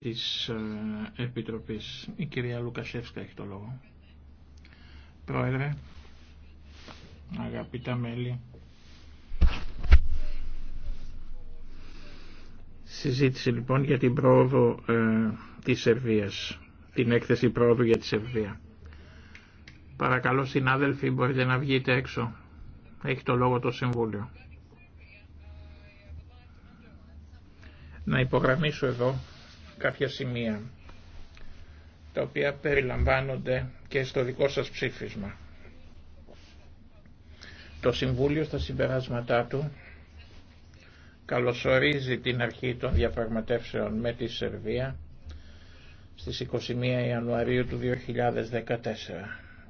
της ε, Επιτροπής. Η κυρία Λουκασεύσκα έχει το λόγο. Πρόεδρε, αγαπητά μέλη, συζήτηση λοιπόν για την πρόοδο ε, της Σερβίας, την έκθεση πρόοδου για τη Σερβία. Παρακαλώ συνάδελφοι μπορείτε να βγείτε έξω. Έχει το λόγο το Συμβούλιο. Να υπογραμμίσω εδώ κάποια σημεία τα οποία περιλαμβάνονται και στο δικό σας ψήφισμα. Το Συμβούλιο στα συμπεράσματά του καλωσορίζει την αρχή των διαπραγματεύσεων με τη Σερβία στις 21 Ιανουαρίου του 2014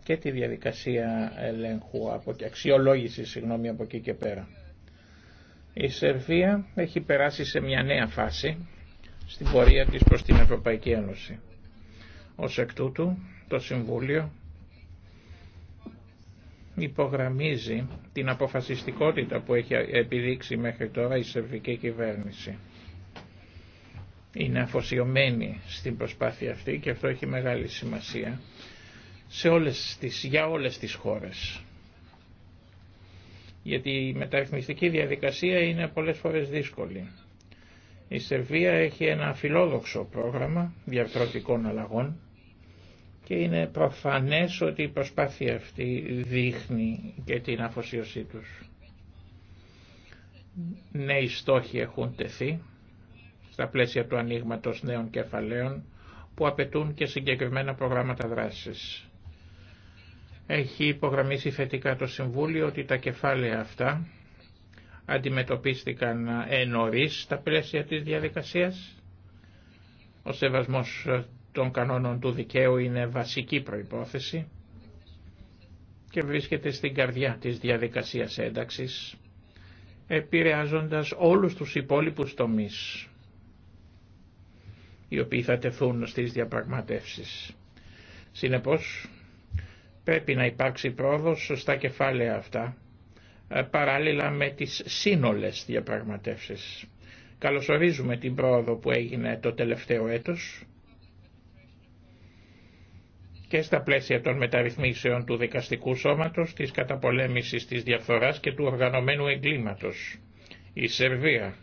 και τη διαδικασία ελέγχου από, αξιολόγηση συγγνώμη, από εκεί και πέρα. Η Σερβία έχει περάσει σε μια νέα φάση στην πορεία της προς την Ευρωπαϊκή Ένωση. Ως εκ τούτου, το Συμβούλιο υπογραμμίζει την αποφασιστικότητα που έχει επιδείξει μέχρι τώρα η σερβική κυβέρνηση. Είναι αφοσιωμένη στην προσπάθεια αυτή και αυτό έχει μεγάλη σημασία σε όλες τις, για όλες τις χώρες. Γιατί η μεταρρυθμιστική διαδικασία είναι πολλές φορές δύσκολη. Η Σερβία έχει ένα φιλόδοξο πρόγραμμα διαρθρωτικών αλλαγών και είναι προφανές ότι η προσπάθεια αυτή δείχνει και την αφοσίωσή τους. Νέοι στόχοι έχουν τεθεί στα πλαίσια του ανοίγματο νέων κεφαλαίων που απαιτούν και συγκεκριμένα προγράμματα δράσης. Έχει υπογραμμίσει θετικά το Συμβούλιο ότι τα κεφάλαια αυτά αντιμετωπίστηκαν ε, ενωρίς στα πλαίσια της διαδικασίας. Ο σεβασμός ε, των κανόνων του δικαίου είναι βασική προϋπόθεση και βρίσκεται στην καρδιά της διαδικασίας ένταξης, επηρεάζοντας όλους τους υπόλοιπους τομείς, οι οποίοι θα τεθούν στις διαπραγματεύσεις. Συνεπώς, πρέπει να υπάρξει πρόοδος στα κεφάλαια αυτά, ε, παράλληλα με τις σύνολες διαπραγματεύσεις. Καλωσορίζουμε την πρόοδο που έγινε το τελευταίο έτος και στα πλαίσια των μεταρρυθμίσεων του δικαστικού σώματος, της καταπολέμησης της διαφθοράς και του οργανωμένου εγκλήματος. Η Σερβία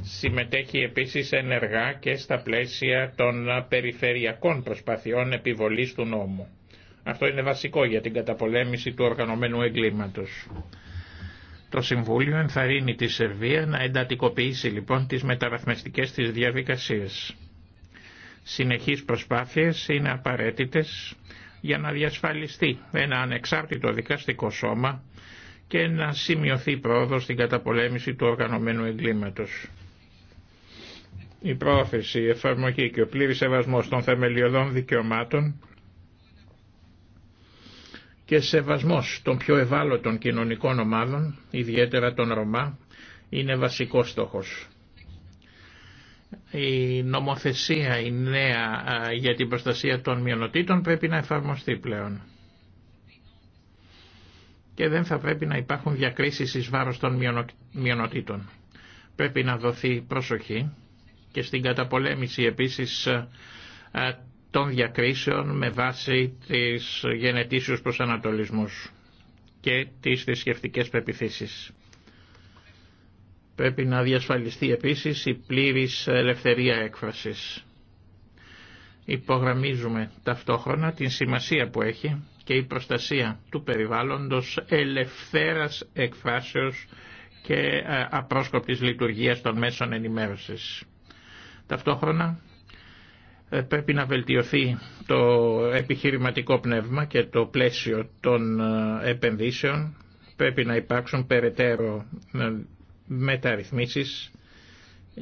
συμμετέχει επίσης ενεργά και στα πλαίσια των περιφερειακών προσπαθειών επιβολής του νόμου. Αυτό είναι βασικό για την καταπολέμηση του οργανωμένου εγκλήματος. Το Συμβούλιο ενθαρρύνει τη Σερβία να εντατικοποιήσει λοιπόν τις μεταρρυθμιστικές της διαδικασίες. Συνεχείς προσπάθειες είναι απαραίτητες για να διασφαλιστεί ένα ανεξάρτητο δικαστικό σώμα και να σημειωθεί πρόοδο στην καταπολέμηση του οργανωμένου εγκλήματος. Η πρόθεση, η εφαρμογή και ο πλήρης σεβασμός των θεμελιωδών δικαιωμάτων και σεβασμός των πιο ευάλωτων κοινωνικών ομάδων, ιδιαίτερα των Ρωμά, είναι βασικός στόχος. Η νομοθεσία, η νέα για την προστασία των μειονοτήτων πρέπει να εφαρμοστεί πλέον. Και δεν θα πρέπει να υπάρχουν διακρίσεις εις βάρος των μειονοτήτων. Πρέπει να δοθεί προσοχή και στην καταπολέμηση επίσης των διακρίσεων με βάση τις γενετήσιους προσανατολισμούς και τις θρησκευτικέ πεπιθήσεις. Πρέπει να διασφαλιστεί επίσης η πλήρης ελευθερία έκφρασης. Υπογραμμίζουμε ταυτόχρονα την σημασία που έχει και η προστασία του περιβάλλοντος ελευθέρας εκφράσεως και ε, απρόσκοπτης λειτουργίας των μέσων ενημέρωσης. Ταυτόχρονα ε, πρέπει να βελτιωθεί το επιχειρηματικό πνεύμα και το πλαίσιο των ε, επενδύσεων. Πρέπει να υπάρξουν περαιτέρω ε, μεταρρυθμίσεις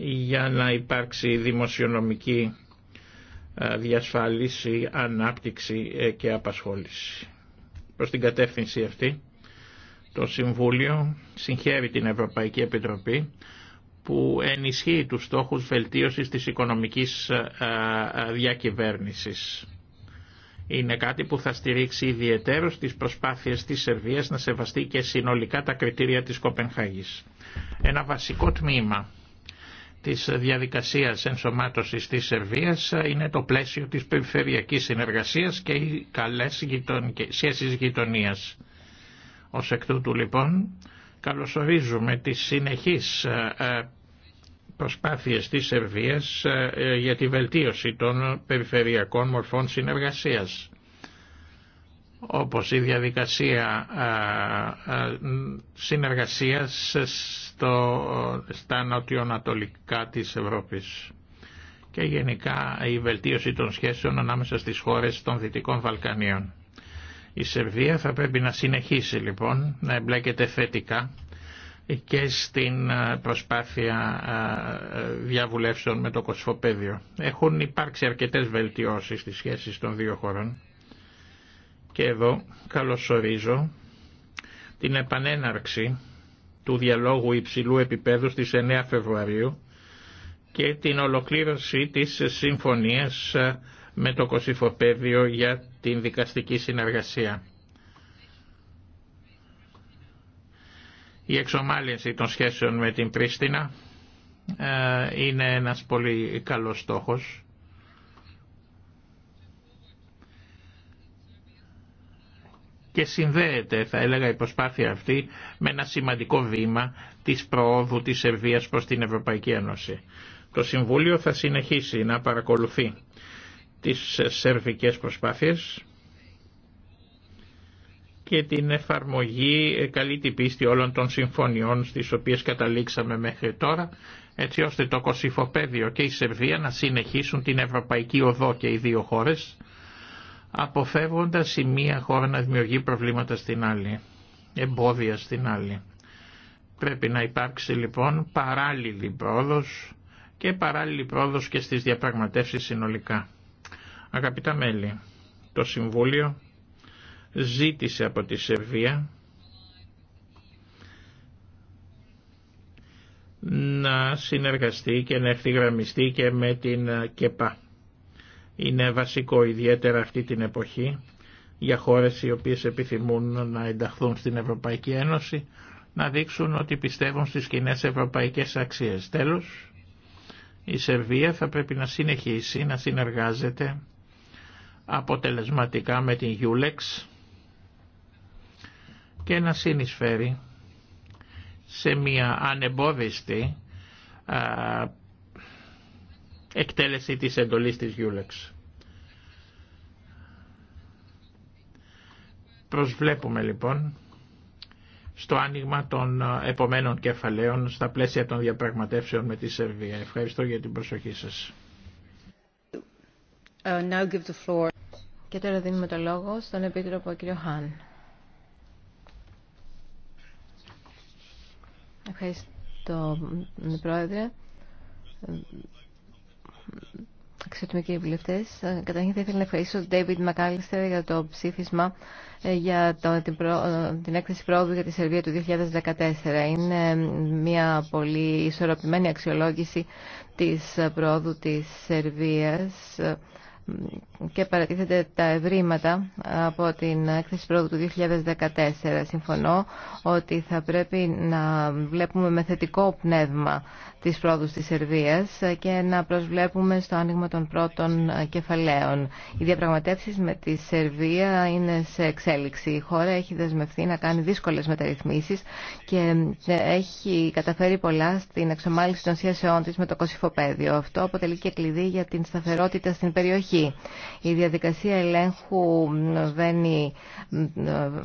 για να υπάρξει δημοσιονομική διασφάλιση, ανάπτυξη και απασχόληση. Προς την κατεύθυνση αυτή το Συμβούλιο συγχαίρει την Ευρωπαϊκή Επιτροπή που ενισχύει τους στόχους βελτίωσης της οικονομικής ε, ε, διακυβέρνησης. Είναι κάτι που θα στηρίξει ιδιαιτέρως τις προσπάθειες της Σερβίας να σεβαστεί και συνολικά τα κριτήρια της Κοπενχάγης. Ένα βασικό τμήμα της διαδικασίας ενσωμάτωσης της Σερβίας είναι το πλαίσιο της περιφερειακής συνεργασίας και οι καλές σχέσεις γειτονίας. Ως εκ τούτου λοιπόν καλωσορίζουμε τις συνεχείς ε, προσπάθειες της Σερβίας ε, ε, για τη βελτίωση των περιφερειακών μορφών συνεργασίας όπως η διαδικασία ε, συνεργασίας στο, στα νοτιοανατολικά της Ευρώπης και γενικά η βελτίωση των σχέσεων ανάμεσα στις χώρες των Δυτικών Βαλκανίων. Η Σερβία θα πρέπει να συνεχίσει λοιπόν να εμπλέκεται θετικά και στην ε, προσπάθεια ε, ε, διαβουλεύσεων με το Κοσφοπέδιο. Έχουν υπάρξει αρκετές βελτιώσεις στις σχέσεις των δύο χωρών και εδώ καλωσορίζω την επανέναρξη του διαλόγου υψηλού επίπεδου στις 9 Φεβρουαρίου και την ολοκλήρωση της συμφωνίας με το Κοσφοπέδιο για την δικαστική συνεργασία. Η εξομάλυνση των σχέσεων με την Πρίστινα ε, είναι ένας πολύ καλός στόχος. και συνδέεται θα έλεγα η προσπάθεια αυτή με ένα σημαντικό βήμα της προόδου της Σερβίας προς την Ευρωπαϊκή Ένωση. Το Συμβούλιο θα συνεχίσει να παρακολουθεί τις σερβικές προσπάθειες και την εφαρμογή ε, καλή την πίστη όλων των συμφωνιών στις οποίες καταλήξαμε μέχρι τώρα, έτσι ώστε το Κωσυφοπέδιο και η Σερβία να συνεχίσουν την ευρωπαϊκή οδό και οι δύο χώρες, αποφεύγοντας η μία χώρα να δημιουργεί προβλήματα στην άλλη, εμπόδια στην άλλη. Πρέπει να υπάρξει λοιπόν παράλληλη πρόοδος και παράλληλη πρόοδος και στις διαπραγματεύσεις συνολικά. Αγαπητά μέλη, το Συμβούλιο ζήτησε από τη Σερβία να συνεργαστεί και να ευθυγραμμιστεί και με την ΚΕΠΑ. Είναι βασικό ιδιαίτερα αυτή την εποχή για χώρες οι οποίες επιθυμούν να ενταχθούν στην Ευρωπαϊκή Ένωση να δείξουν ότι πιστεύουν στις κοινέ ευρωπαϊκές αξίες. Τέλος, η Σερβία θα πρέπει να συνεχίσει να συνεργάζεται αποτελεσματικά με την Γιούλεξ και να συνεισφέρει σε μια ανεμπόδιστη εκτέλεση της εντολής της Γιούλεξ. Προσβλέπουμε λοιπόν στο άνοιγμα των επομένων κεφαλαίων στα πλαίσια των διαπραγματεύσεων με τη Σερβία. Ευχαριστώ για την προσοχή σας. Uh, now give the floor. Και τώρα δίνουμε το λόγο στον Επίτροπο κ. Χάν. Ευχαριστώ, ναι, Πρόεδρε. Ξέρετε, κύριοι βουλευτέ, καταρχήν θα ήθελα να ευχαριστήσω τον David Μακάλιστερ για το ψήφισμα ε, για την, προ, ε, την έκθεση πρόοδου για τη Σερβία του 2014. Είναι μια πολύ ισορροπημένη αξιολόγηση της πρόοδου της Σερβίας ε, και παρατίθεται τα ευρήματα από την έκθεση πρόοδου του 2014. Συμφωνώ ότι θα πρέπει να βλέπουμε με θετικό πνεύμα της πρόοδου της Σερβίας και να προσβλέπουμε στο άνοιγμα των πρώτων κεφαλαίων. Οι διαπραγματεύσεις με τη Σερβία είναι σε εξέλιξη. Η χώρα έχει δεσμευθεί να κάνει δύσκολες μεταρρυθμίσεις και έχει καταφέρει πολλά στην εξομάλυση των σχέσεών της με το κοσυφοπέδιο. Αυτό αποτελεί και κλειδί για την σταθερότητα στην περιοχή. Η διαδικασία ελέγχου βαίνει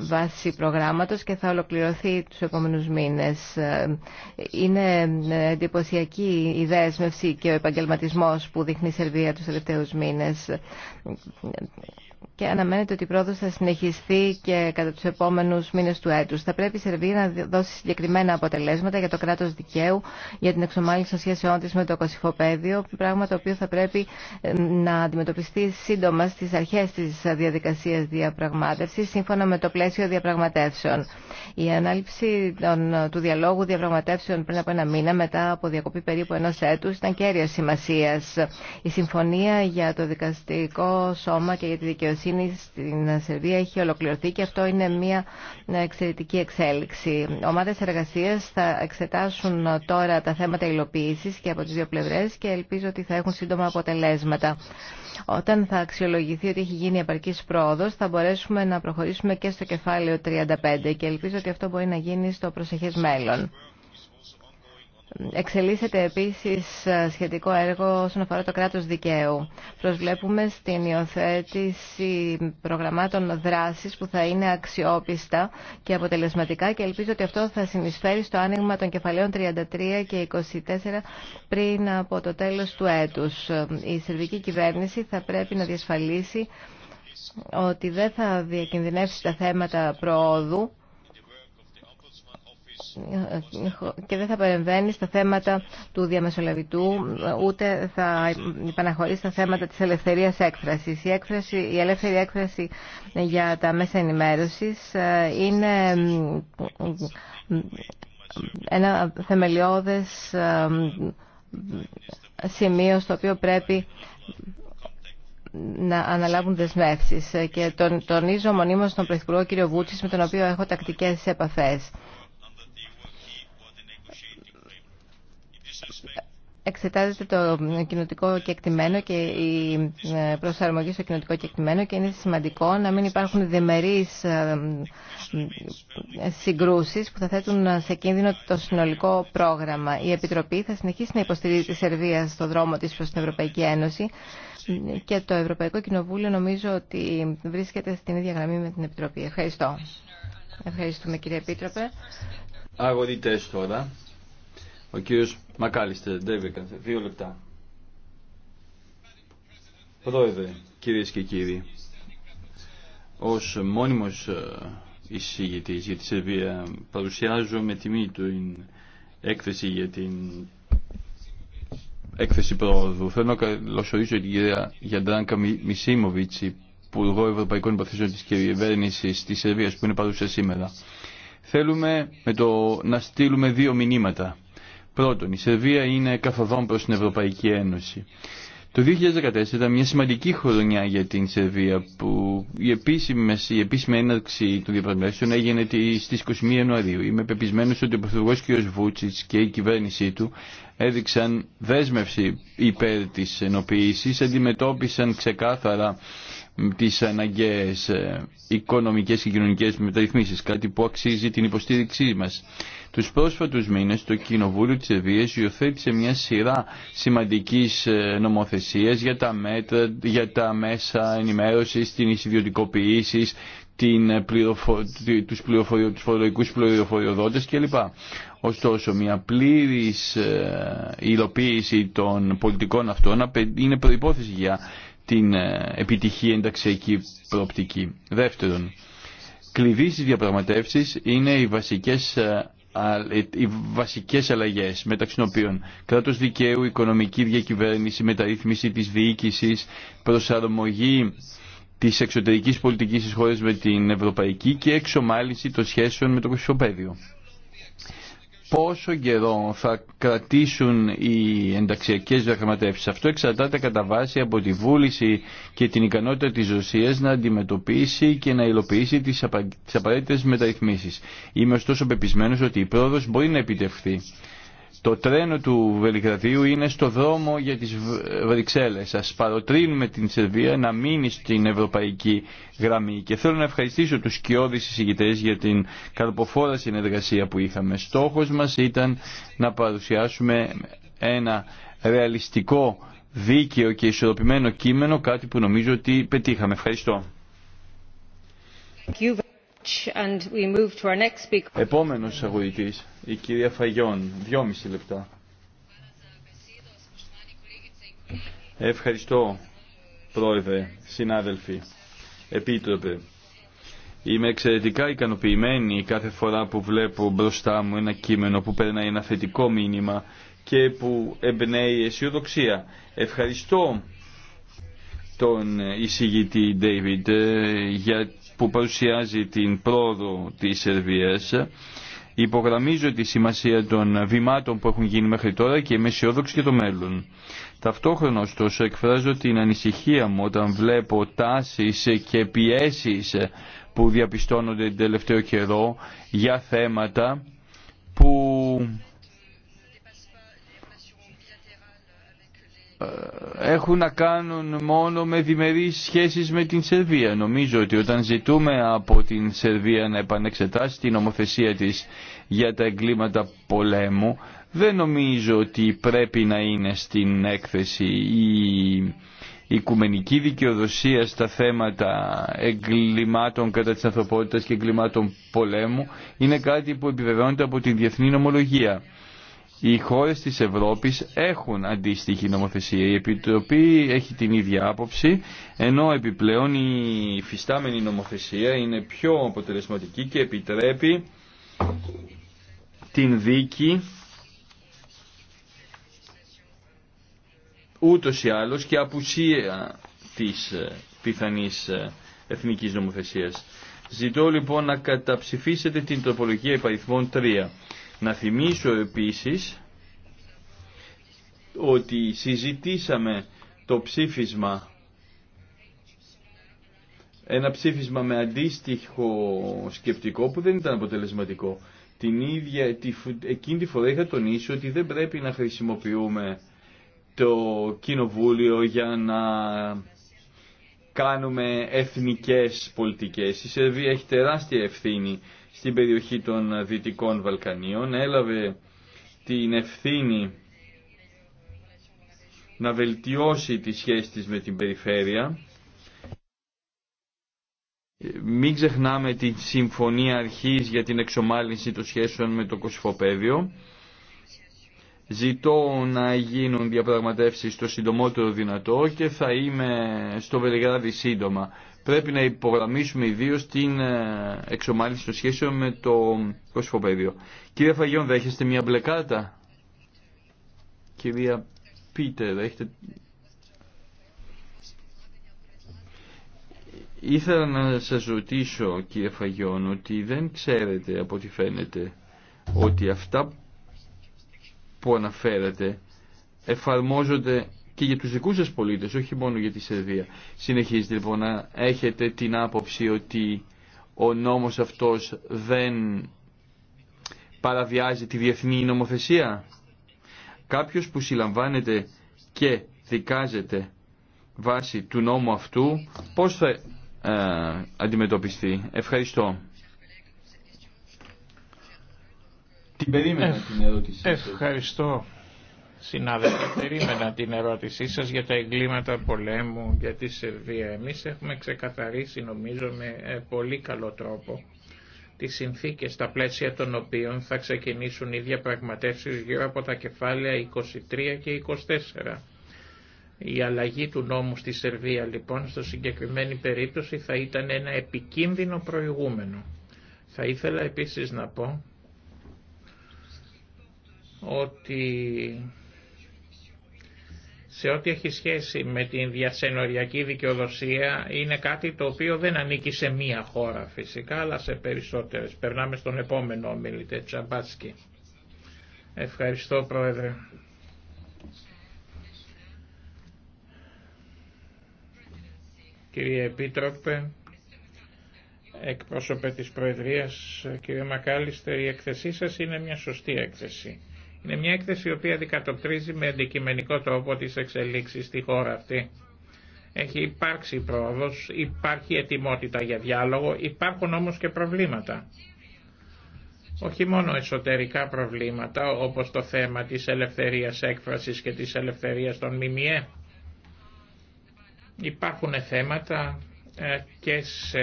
βάση προγράμματος και θα ολοκληρωθεί τους επόμενους μήνες. Είναι εντυπωσιακή η δέσμευση και ο επαγγελματισμός που δείχνει η Σερβία τους τελευταίους μήνες και αναμένεται ότι η πρόοδος θα συνεχιστεί και κατά τους επόμενους μήνες του έτους. Θα πρέπει η Σερβία να δώσει συγκεκριμένα αποτελέσματα για το κράτος δικαίου, για την εξομάλυνση των σχέσεών της με το κοσυχοπαίδιο, πράγμα το οποίο θα πρέπει ε, να αντιμετωπιστεί σύντομα στις αρχές της διαδικασίας διαπραγμάτευσης, σύμφωνα με το πλαίσιο διαπραγματεύσεων. Η ανάληψη των, του διαλόγου διαπραγματεύσεων πριν από ένα μήνα, μετά από διακοπή περίπου ενό έτου, ήταν κέρια σημασία. Η συμφωνία για το δικαστικό σώμα και για τη δικαιοσύνη γίνει στην Σερβία έχει ολοκληρωθεί και αυτό είναι μια εξαιρετική εξέλιξη. Ομάδες εργασίας θα εξετάσουν τώρα τα θέματα υλοποίησης και από τις δύο πλευρές και ελπίζω ότι θα έχουν σύντομα αποτελέσματα. Όταν θα αξιολογηθεί ότι έχει γίνει επαρκής πρόοδος θα μπορέσουμε να προχωρήσουμε και στο κεφάλαιο 35 και ελπίζω ότι αυτό μπορεί να γίνει στο προσεχές μέλλον. Εξελίσσεται επίσης ε, σχετικό έργο όσον αφορά το κράτος δικαίου. Προσβλέπουμε στην υιοθέτηση προγραμμάτων δράσης που θα είναι αξιόπιστα και αποτελεσματικά και ελπίζω ότι αυτό θα συνεισφέρει στο άνοιγμα των κεφαλαίων 33 και 24 πριν από το τέλος του έτους. Η σερβική κυβέρνηση θα πρέπει να διασφαλίσει ότι δεν θα διακινδυνεύσει τα θέματα προόδου και δεν θα παρεμβαίνει στα θέματα του διαμεσολαβητού ούτε θα υπαναχωρεί στα θέματα της ελευθερίας έκφρασης. Η, έκφραση, η ελεύθερη έκφραση για τα μέσα ενημέρωσης ε, είναι ε, ένα θεμελιώδες ε, σημείο στο οποίο πρέπει να αναλάβουν δεσμεύσει. Και τον, τονίζω μονίμω τον Πρωθυπουργό κ. Βούτση, με τον οποίο έχω τακτικέ επαφέ. εξετάζεται το κοινοτικό κεκτημένο και η ε, προσαρμογή στο κοινοτικό κεκτημένο και είναι σημαντικό να μην υπάρχουν διμερείς ε, ε, συγκρούσεις που θα θέτουν σε κίνδυνο το συνολικό πρόγραμμα. Η Επιτροπή θα συνεχίσει να υποστηρίζει τη Σερβία στο δρόμο της προς την Ευρωπαϊκή Ένωση και το Ευρωπαϊκό Κοινοβούλιο νομίζω ότι βρίσκεται στην ίδια γραμμή με την Επιτροπή. Ευχαριστώ. Ευχαριστούμε κύριε Επίτροπε. Ο κύριος Μακάλιστερ, δύο λεπτά. Πρόεδρε, κυρίες και κύριοι, ως μόνιμος ε, εισηγητής για τη Σερβία παρουσιάζω με τιμή του την έκθεση για την έκθεση πρόοδου. Θέλω να καλωσορίσω την κυρία Γιαντράνκα Μισίμοβιτς, Υπουργό Ευρωπαϊκών Υποθέσεων της κυβέρνηση της Σερβίας που είναι παρούσα σήμερα. Θέλουμε με το να στείλουμε δύο μηνύματα Πρώτον, η Σερβία είναι καθοδόν προς την Ευρωπαϊκή Ένωση. Το 2014 ήταν μια σημαντική χρονιά για την Σερβία που η επίσημη, η επίσημη έναρξη των διαπραγματεύσεων έγινε στις 21 Ιανουαρίου. Είμαι πεπισμένος ότι ο Πρωθυπουργός κ. Βούτσιτς και η κυβέρνησή του έδειξαν δέσμευση υπέρ της ενοποίησης, αντιμετώπισαν ξεκάθαρα τις αναγκαίες ε, οικονομικές και κοινωνικές μεταρρυθμίσεις, κάτι που αξίζει την υποστήριξή μας. Τους πρόσφατους μήνες το Κοινοβούλιο της Σερβίας υιοθέτησε μια σειρά σημαντικής ε, νομοθεσίας για τα, για τα μέσα ενημέρωσης, την ιδιωτικοποίηση, την ε, πληροφο... τους, τους φορολογικούς πληροφοριοδότες κλπ. Ωστόσο, μια πλήρης ε, υλοποίηση των πολιτικών αυτών είναι προϋπόθεση για την επιτυχή ενταξιακή προοπτική. Δεύτερον, κλειδί στις διαπραγματεύσεις είναι οι βασικές ε, οι βασικές αλλαγές μεταξύ των οποίων κράτο δικαίου, οικονομική διακυβέρνηση, μεταρρύθμιση της διοίκηση, προσαρμογή της εξωτερικής πολιτικής της χώρας με την ευρωπαϊκή και εξομάλυνση των σχέσεων με το κοσμοπέδιο πόσο καιρό θα κρατήσουν οι ενταξιακές διαχρηματεύσεις. Αυτό εξαρτάται κατά βάση από τη βούληση και την ικανότητα της Ρωσία να αντιμετωπίσει και να υλοποιήσει τις απαραίτητες μεταρρυθμίσεις. Είμαι ωστόσο πεπισμένος ότι η πρόοδος μπορεί να επιτευχθεί. Το τρένο του Βελιγραδίου είναι στο δρόμο για τις Βρυξέλλες. Ας παροτρύνουμε την Σερβία να μείνει στην ευρωπαϊκή γραμμή. Και θέλω να ευχαριστήσω τους σκιώδεις εισηγητές για την καρποφόρα συνεργασία που είχαμε. Στόχος μας ήταν να παρουσιάσουμε ένα ρεαλιστικό, δίκαιο και ισορροπημένο κείμενο, κάτι που νομίζω ότι πετύχαμε. Ευχαριστώ. Επόμενος αγωγητής, η κυρία Φαγιόν, δυόμιση λεπτά. Ευχαριστώ, πρόεδρε, συνάδελφοι, επίτροπε. Είμαι εξαιρετικά ικανοποιημένη κάθε φορά που βλέπω μπροστά μου ένα κείμενο που περνάει ένα θετικό μήνυμα και που εμπνέει αισιοδοξία. Ευχαριστώ τον εισηγητή David ε, για που παρουσιάζει την πρόοδο της Σερβίας υπογραμμίζω τη σημασία των βημάτων που έχουν γίνει μέχρι τώρα και είμαι αισιόδοξη για το μέλλον. Ταυτόχρονα ωστόσο εκφράζω την ανησυχία μου όταν βλέπω τάσεις και πιέσεις που διαπιστώνονται τον τελευταίο καιρό για θέματα που έχουν να κάνουν μόνο με διμερείς σχέσεις με την Σερβία. Νομίζω ότι όταν ζητούμε από την Σερβία να επανεξετάσει την ομοθεσία της για τα εγκλήματα πολέμου, δεν νομίζω ότι πρέπει να είναι στην έκθεση η οικουμενική δικαιοδοσία στα θέματα εγκλημάτων κατά της ανθρωπότητας και εγκλημάτων πολέμου είναι κάτι που επιβεβαιώνεται από την διεθνή νομολογία. Οι χώρες της Ευρώπης έχουν αντίστοιχη νομοθεσία. Η Επιτροπή έχει την ίδια άποψη, ενώ επιπλέον η φυστάμενη νομοθεσία είναι πιο αποτελεσματική και επιτρέπει την δίκη ούτως ή άλλως και απουσία της πιθανής εθνικής νομοθεσίας. Ζητώ λοιπόν να καταψηφίσετε την τροπολογία υπαριθμών 3. Να θυμίσω επίσης ότι συζητήσαμε το ψήφισμα ένα ψήφισμα με αντίστοιχο σκεπτικό που δεν ήταν αποτελεσματικό. Την ίδια, εκείνη τη φορά είχα τονίσει ότι δεν πρέπει να χρησιμοποιούμε το κοινοβούλιο για να κάνουμε εθνικές πολιτικές. Η Σερβία έχει τεράστια ευθύνη στην περιοχή των Δυτικών Βαλκανίων, έλαβε την ευθύνη να βελτιώσει τη σχέση της με την περιφέρεια. Μην ξεχνάμε τη συμφωνία αρχής για την εξομάλυνση των σχέσεων με το Κωσυφοπέδιο. Ζητώ να γίνουν διαπραγματεύσεις το συντομότερο δυνατό και θα είμαι στο Βελιγράδι σύντομα. Πρέπει να υπογραμμίσουμε ιδίω την ε, εξομάλυνση των σχέσεων με το κοσφοπέδιο. Κυρία Φαγιόν, δέχεστε μια μπλε κάρτα. Κυρία Πίτερ, έχετε... Ήθελα να σας ρωτήσω, κύριε Φαγιόν, ότι δεν ξέρετε από ό,τι φαίνεται ότι αυτά που αναφέρατε εφαρμόζονται και για τους δικούς σας πολίτες, όχι μόνο για τη Σερβία. Συνεχίζετε λοιπόν να έχετε την άποψη ότι ο νόμος αυτός δεν παραβιάζει τη διεθνή νομοθεσία. Κάποιος που συλλαμβάνεται και δικάζεται βάσει του νόμου αυτού, πώς θα ε, αντιμετωπιστεί. Ευχαριστώ. Την περίμενα την ερώτησή σας. Ευχαριστώ. Συνάδελφε, περίμενα την ερώτησή σας για τα εγκλήματα πολέμου, για τη Σερβία. Εμείς έχουμε ξεκαθαρίσει, νομίζω, με ε, πολύ καλό τρόπο τις συνθήκες στα πλαίσια των οποίων θα ξεκινήσουν οι διαπραγματεύσεις γύρω από τα κεφάλαια 23 και 24. Η αλλαγή του νόμου στη Σερβία λοιπόν στο συγκεκριμένη περίπτωση θα ήταν ένα επικίνδυνο προηγούμενο. Θα ήθελα επίσης να πω ότι σε ό,τι έχει σχέση με την διασενοριακή δικαιοδοσία είναι κάτι το οποίο δεν ανήκει σε μία χώρα φυσικά αλλά σε περισσότερες. Περνάμε στον επόμενο ομιλητή Τσαμπάσκι. Ευχαριστώ Πρόεδρε. Κύριε Επίτροπε, εκπρόσωπε της Προεδρίας, κύριε Μακάλιστερ, η εκθεσή σας είναι μια σωστή έκθεση είναι μια έκθεση η οποία δικατοπτρίζει με αντικειμενικό τρόπο τις εξελίξεις στη χώρα αυτή. Έχει υπάρξει πρόοδος, υπάρχει ετοιμότητα για διάλογο, υπάρχουν όμως και προβλήματα. Όχι μόνο εσωτερικά προβλήματα όπως το θέμα της ελευθερίας έκφρασης και της ελευθερίας των ΜΜΕ. Υπάρχουν θέματα ε, και σε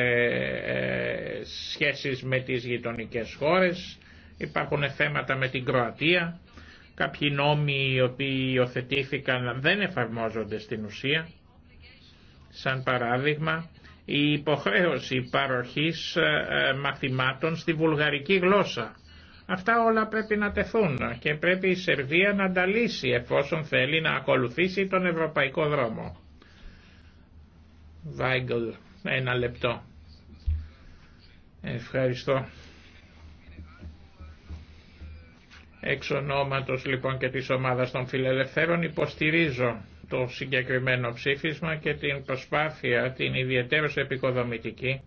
ε, σχέσεις με τις γειτονικές χώρες, υπάρχουν θέματα με την Κροατία, Κάποιοι νόμοι οι οποίοι υιοθετήθηκαν δεν εφαρμόζονται στην ουσία. Σαν παράδειγμα, η υποχρέωση παροχής ε, ε, μαθημάτων στη βουλγαρική γλώσσα. Αυτά όλα πρέπει να τεθούν και πρέπει η Σερβία να τα λύσει εφόσον θέλει να ακολουθήσει τον ευρωπαϊκό δρόμο. Βάγκλ, ένα λεπτό. Ευχαριστώ. Εξ ονόματος λοιπόν και της ομάδας των φιλελευθέρων υποστηρίζω το συγκεκριμένο ψήφισμα και την προσπάθεια την ιδιαίτερως επικοδομητική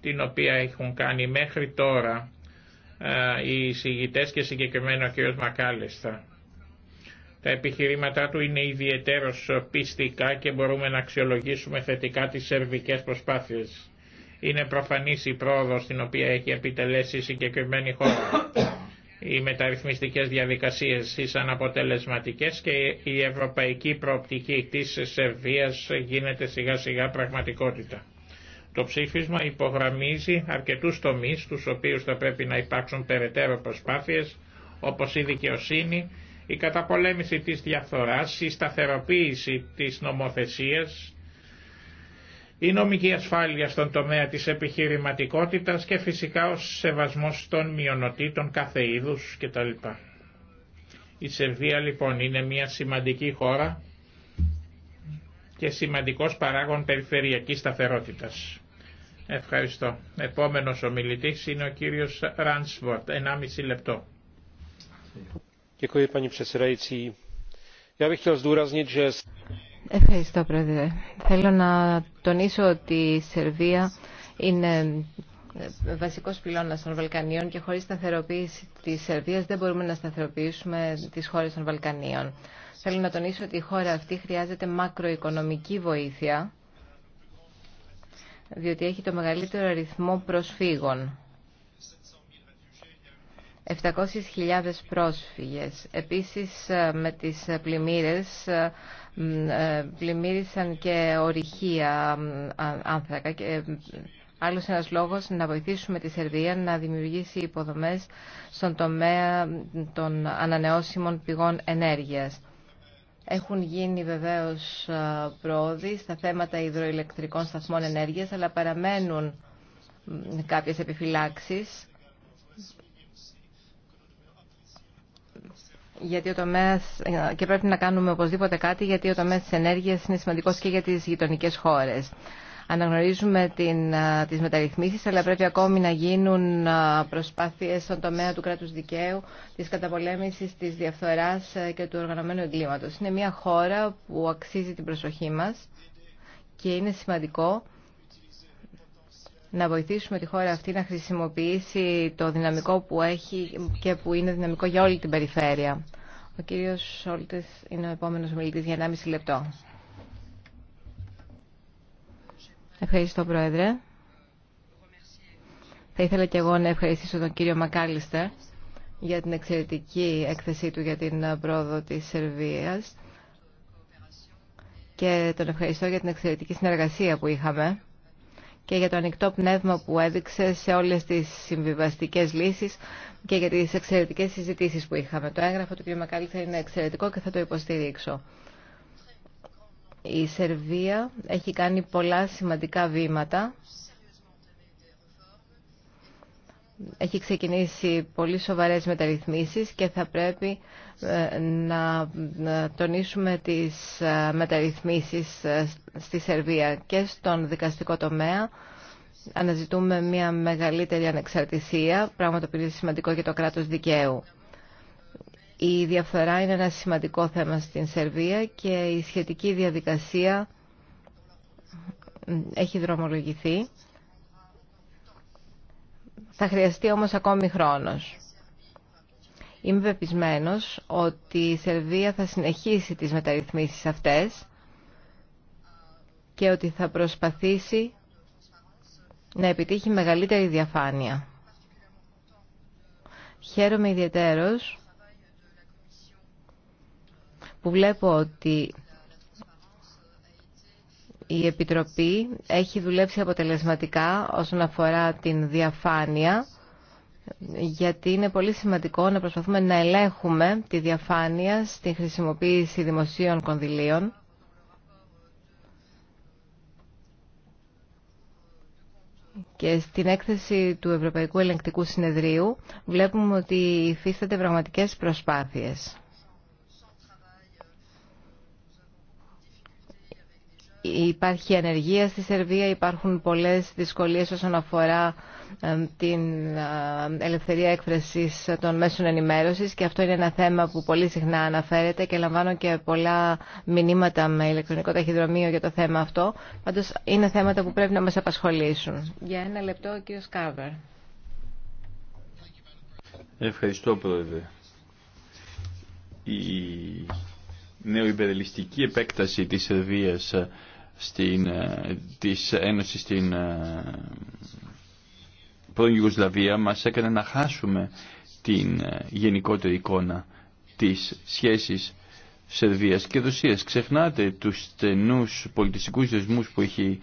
την οποία έχουν κάνει μέχρι τώρα ε, οι εισηγητές και συγκεκριμένο ο κ. Τα επιχειρήματά του είναι ιδιαίτερως πιστικά και μπορούμε να αξιολογήσουμε θετικά τις σερβικές προσπάθειες. Είναι προφανής η πρόοδος την οποία έχει επιτελέσει η συγκεκριμένη χώρα οι μεταρρυθμιστικές διαδικασίες ήσαν αποτελεσματικές και η ευρωπαϊκή προοπτική της Σερβίας γίνεται σιγά σιγά πραγματικότητα. Το ψήφισμα υπογραμμίζει αρκετούς τομείς τους οποίους θα πρέπει να υπάρξουν περαιτέρω προσπάθειες όπως η δικαιοσύνη, η καταπολέμηση της διαφθοράς, η σταθεροποίηση της νομοθεσίας, η νομική ασφάλεια στον τομέα της επιχειρηματικότητας και φυσικά ο σεβασμός των μειονοτήτων κάθε είδους κτλ. Η Σερβία λοιπόν είναι μια σημαντική χώρα και σημαντικός παράγων περιφερειακής σταθερότητας. Ευχαριστώ. Επόμενος ομιλητής είναι ο κύριος Ράνσβορτ, 1,5 λεπτό. Ευχαριστώ, Πρόεδρε. Θέλω να τονίσω ότι η Σερβία είναι βασικός πυλώνας των Βαλκανίων και χωρίς σταθεροποίηση της Σερβίας δεν μπορούμε να σταθεροποιήσουμε τις χώρες των Βαλκανίων. Θέλω να τονίσω ότι η χώρα αυτή χρειάζεται μακροοικονομική βοήθεια διότι έχει το μεγαλύτερο αριθμό προσφύγων. 700.000 πρόσφυγες. Επίσης ε, με τις πλημμύρες ε, ε, πλημμύρισαν και ορυχεία άνθρακα και ε, άλλος ένας λόγος να βοηθήσουμε τη Σερβία να δημιουργήσει υποδομές στον τομέα των ανανεώσιμων πηγών ενέργειας. Έχουν γίνει βεβαίως πρόοδοι στα θέματα υδροηλεκτρικών σταθμών ενέργειας, αλλά παραμένουν κάποιες επιφυλάξεις γιατί ο τομέας, ε, και πρέπει να κάνουμε οπωσδήποτε κάτι γιατί ο τομέας της ενέργειας είναι σημαντικός και για τις γειτονικές χώρες. Αναγνωρίζουμε την, ε, τις μεταρρυθμίσεις, αλλά πρέπει ακόμη να γίνουν ε, προσπάθειες στον τομέα του κράτους δικαίου, της καταπολέμησης, της διαφθοράς και του οργανωμένου εγκλήματος. Είναι μια χώρα που αξίζει την προσοχή μας και είναι σημαντικό να βοηθήσουμε τη χώρα αυτή να χρησιμοποιήσει το δυναμικό που έχει και που είναι δυναμικό για όλη την περιφέρεια. Ο κύριος Σόλτες είναι ο επόμενος μιλητής για 1,5 λεπτό. Ευχαριστώ, Πρόεδρε. Θα ήθελα και εγώ να ευχαριστήσω τον κύριο Μακάλιστερ για την εξαιρετική έκθεσή του για την πρόοδο της Σερβίας και τον ευχαριστώ για την εξαιρετική συνεργασία που είχαμε και για το ανοιχτό πνεύμα που έδειξε σε όλες τις συμβιβαστικές λύσεις και για τις εξαιρετικές συζητήσεις που είχαμε. Το έγγραφο του κ. Μακάλη είναι εξαιρετικό και θα το υποστηρίξω. Η Σερβία έχει κάνει πολλά σημαντικά βήματα έχει ξεκινήσει πολύ σοβαρές μεταρρυθμίσεις και θα πρέπει ε, να τονίσουμε τις ε, μεταρρυθμίσεις ε, στη Σερβία και στον δικαστικό τομέα. Αναζητούμε μια μεγαλύτερη ανεξαρτησία, πράγμα το οποίο είναι σημαντικό για το κράτος δικαίου. Η διαφθορά είναι ένα σημαντικό θέμα στην Σερβία και η σχετική διαδικασία έχει δρομολογηθεί. Θα χρειαστεί όμως ακόμη χρόνος. Είμαι πεπισμένος ότι η Σερβία θα συνεχίσει τις μεταρρυθμίσεις αυτές και ότι θα προσπαθήσει να επιτύχει μεγαλύτερη διαφάνεια. Χαίρομαι ιδιαίτερος που βλέπω ότι η Επιτροπή έχει δουλέψει αποτελεσματικά όσον αφορά την διαφάνεια γιατί είναι πολύ σημαντικό να προσπαθούμε να ελέγχουμε τη διαφάνεια στην χρησιμοποίηση δημοσίων κονδυλίων και στην έκθεση του Ευρωπαϊκού Ελεγκτικού Συνεδρίου βλέπουμε ότι υφίσταται πραγματικές προσπάθειες. Υπάρχει ανεργία στη Σερβία, υπάρχουν πολλές δυσκολίες όσον αφορά την ελευθερία έκφρασης των μέσων ενημέρωσης και αυτό είναι ένα θέμα που πολύ συχνά αναφέρεται και λαμβάνω και πολλά μηνύματα με ηλεκτρονικό ταχυδρομείο για το θέμα αυτό. Πάντως είναι θέματα που πρέπει να μας απασχολήσουν. Για ένα λεπτό ο κύριος Κάβερ. Ευχαριστώ πρόεδρε. Η νεοϊπερελιστική επέκταση της Σερβίας στην, ε, της Ένωσης στην ε, πρώην Ιουγκοσλαβία μας έκανε να χάσουμε την ε, γενικότερη εικόνα της σχέσης Σερβίας και Ρωσίας. Ξεχνάτε τους στενούς πολιτιστικούς δεσμούς που έχει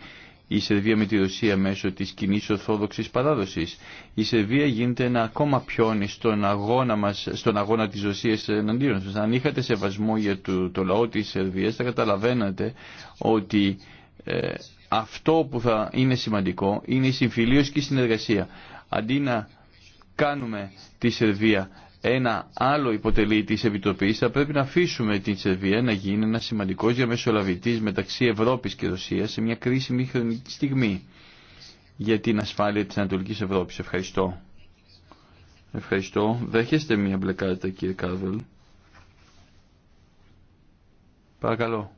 η Σερβία με τη Ρωσία μέσω της κοινή ορθόδοξης παράδοσης. Η Σερβία γίνεται ένα ακόμα πιόνι στον αγώνα, μας, στον αγώνα της Ρωσίας εναντίον σας. Αν είχατε σεβασμό για το, λαό της Σερβίας θα καταλαβαίνατε ότι ε, αυτό που θα είναι σημαντικό είναι η συμφιλίωση και η συνεργασία. Αντί να κάνουμε τη Σερβία ένα άλλο υποτελεί τη επιτροπή θα πρέπει να αφήσουμε την Σερβία να γίνει ένα σημαντικός διαμεσολαβητή μεταξύ Ευρώπης και Ρωσία σε μια κρίσιμη χρονική στιγμή για την ασφάλεια τη Ανατολική Ευρώπη. Ευχαριστώ. Ευχαριστώ. Δέχεστε μια μπλε κάρτα κύριε Κάρβελ. Παρακαλώ.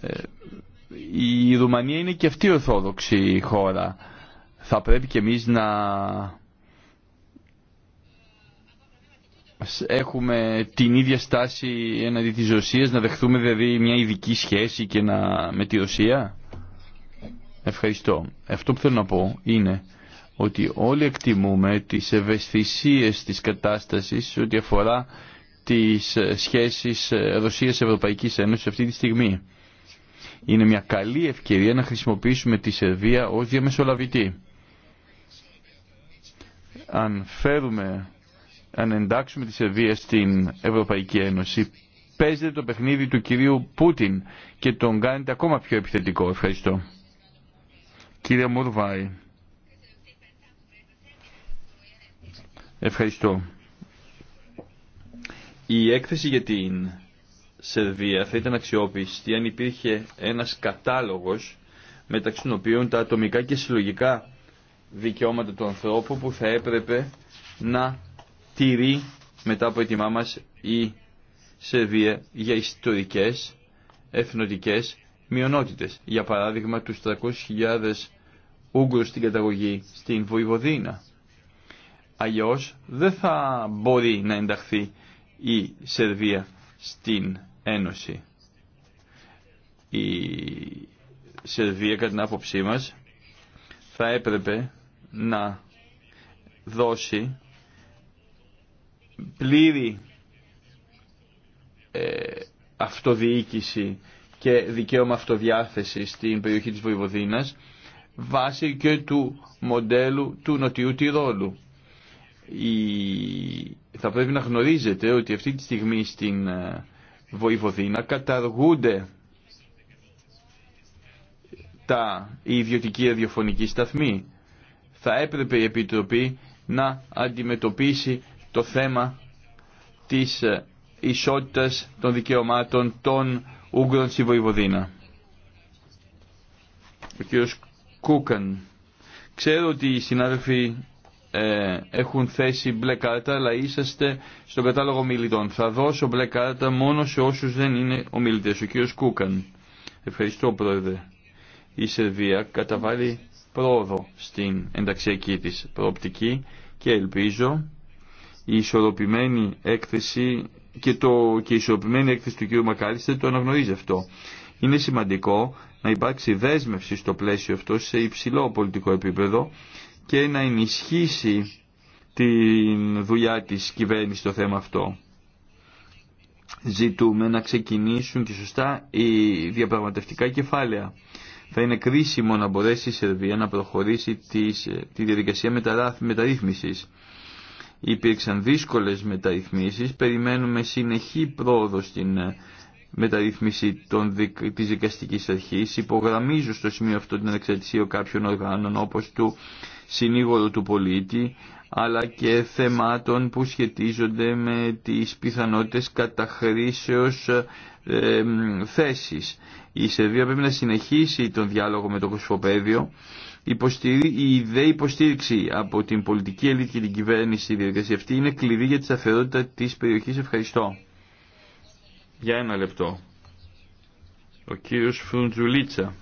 Ε, η Ρουμανία είναι και αυτή η ορθόδοξη χώρα θα πρέπει και εμείς να έχουμε την ίδια στάση έναντι της Ρωσίας, να δεχθούμε δηλαδή μια ειδική σχέση και να... με τη Ρωσία. Ευχαριστώ. Αυτό που θέλω να πω είναι ότι όλοι εκτιμούμε τις ευαισθησίες της κατάστασης ό,τι αφορά τις σχέσεις Ρωσίας-Ευρωπαϊκής Ένωσης αυτή τη στιγμή. Είναι μια καλή ευκαιρία να χρησιμοποιήσουμε τη Σερβία ως διαμεσολαβητή αν αν εντάξουμε τη Σερβία στην Ευρωπαϊκή Ένωση, παίζετε το παιχνίδι του κυρίου Πούτιν και τον κάνετε ακόμα πιο επιθετικό. Ευχαριστώ. Κύριε Μουρβάη. Ευχαριστώ. Η έκθεση για την Σερβία θα ήταν αξιόπιστη αν υπήρχε ένας κατάλογος μεταξύ των οποίων τα ατομικά και συλλογικά δικαιώματα του ανθρώπου που θα έπρεπε να τηρεί μετά από έτοιμά μας η Σερβία για ιστορικές, εθνοτικές μειονότητες. Για παράδειγμα τους 300.000 Ούγγρους στην καταγωγή στην Βοηβοδίνα. Αλλιώς δεν θα μπορεί να ενταχθεί η Σερβία στην Ένωση. Η Σερβία κατά την άποψή μας θα έπρεπε να δώσει πλήρη ε, αυτοδιοίκηση και δικαίωμα αυτοδιάθεση στην περιοχή της Βοηβοδίνας βάσει και του μοντέλου του Νοτιού Τυρόλου. Η... Θα πρέπει να γνωρίζετε ότι αυτή τη στιγμή στην ε, Βοηβοδίνα καταργούνται τα ιδιωτική αδιοφωνική σταθμή θα έπρεπε η Επιτροπή να αντιμετωπίσει το θέμα της ε, ισότητας των δικαιωμάτων των Ούγγρων στη Βοηβοδίνα. Ο κύριος Κούκαν. Ξέρω ότι οι συνάδελφοι ε, έχουν θέσει μπλε κάρτα, αλλά είσαστε στον κατάλογο ομιλητών. Θα δώσω μπλε κάρτα μόνο σε όσους δεν είναι ομιλητές. Ο κύριος Κούκαν. Ευχαριστώ, Πρόεδρε. Η Σερβία καταβάλει πρόοδο στην ενταξιακή της προοπτική και ελπίζω η ισορροπημένη έκθεση και, το, και η ισορροπημένη έκθεση του κ. Μακάριστερ το αναγνωρίζει αυτό. Είναι σημαντικό να υπάρξει δέσμευση στο πλαίσιο αυτό σε υψηλό πολιτικό επίπεδο και να ενισχύσει τη δουλειά της κυβέρνησης στο θέμα αυτό. Ζητούμε να ξεκινήσουν και σωστά οι διαπραγματευτικά κεφάλαια θα είναι κρίσιμο να μπορέσει η Σερβία να προχωρήσει τις, ε, τη διαδικασία μεταρρύθμισης. Υπήρξαν δύσκολες μεταρρυθμίσεις, περιμένουμε συνεχή πρόοδο στην ε, μεταρρύθμιση των, της δικαστικής αρχής. Υπογραμμίζω στο σημείο αυτό την ανεξαρτησία κάποιων οργάνων όπως του συνήγορου του πολίτη, αλλά και θεμάτων που σχετίζονται με τις πιθανότητες καταχρήσεως ε, θέσεις. Η Σερβία πρέπει να συνεχίσει τον διάλογο με το κοσφοπέδιο. Η ιδέα υποστήριξη από την πολιτική ελίτ και την κυβέρνηση στη διαδικασία αυτή είναι κλειδί για τη σταθερότητα της περιοχής. Ευχαριστώ. Για ένα λεπτό. Ο κύριος Φρουντζουλίτσα.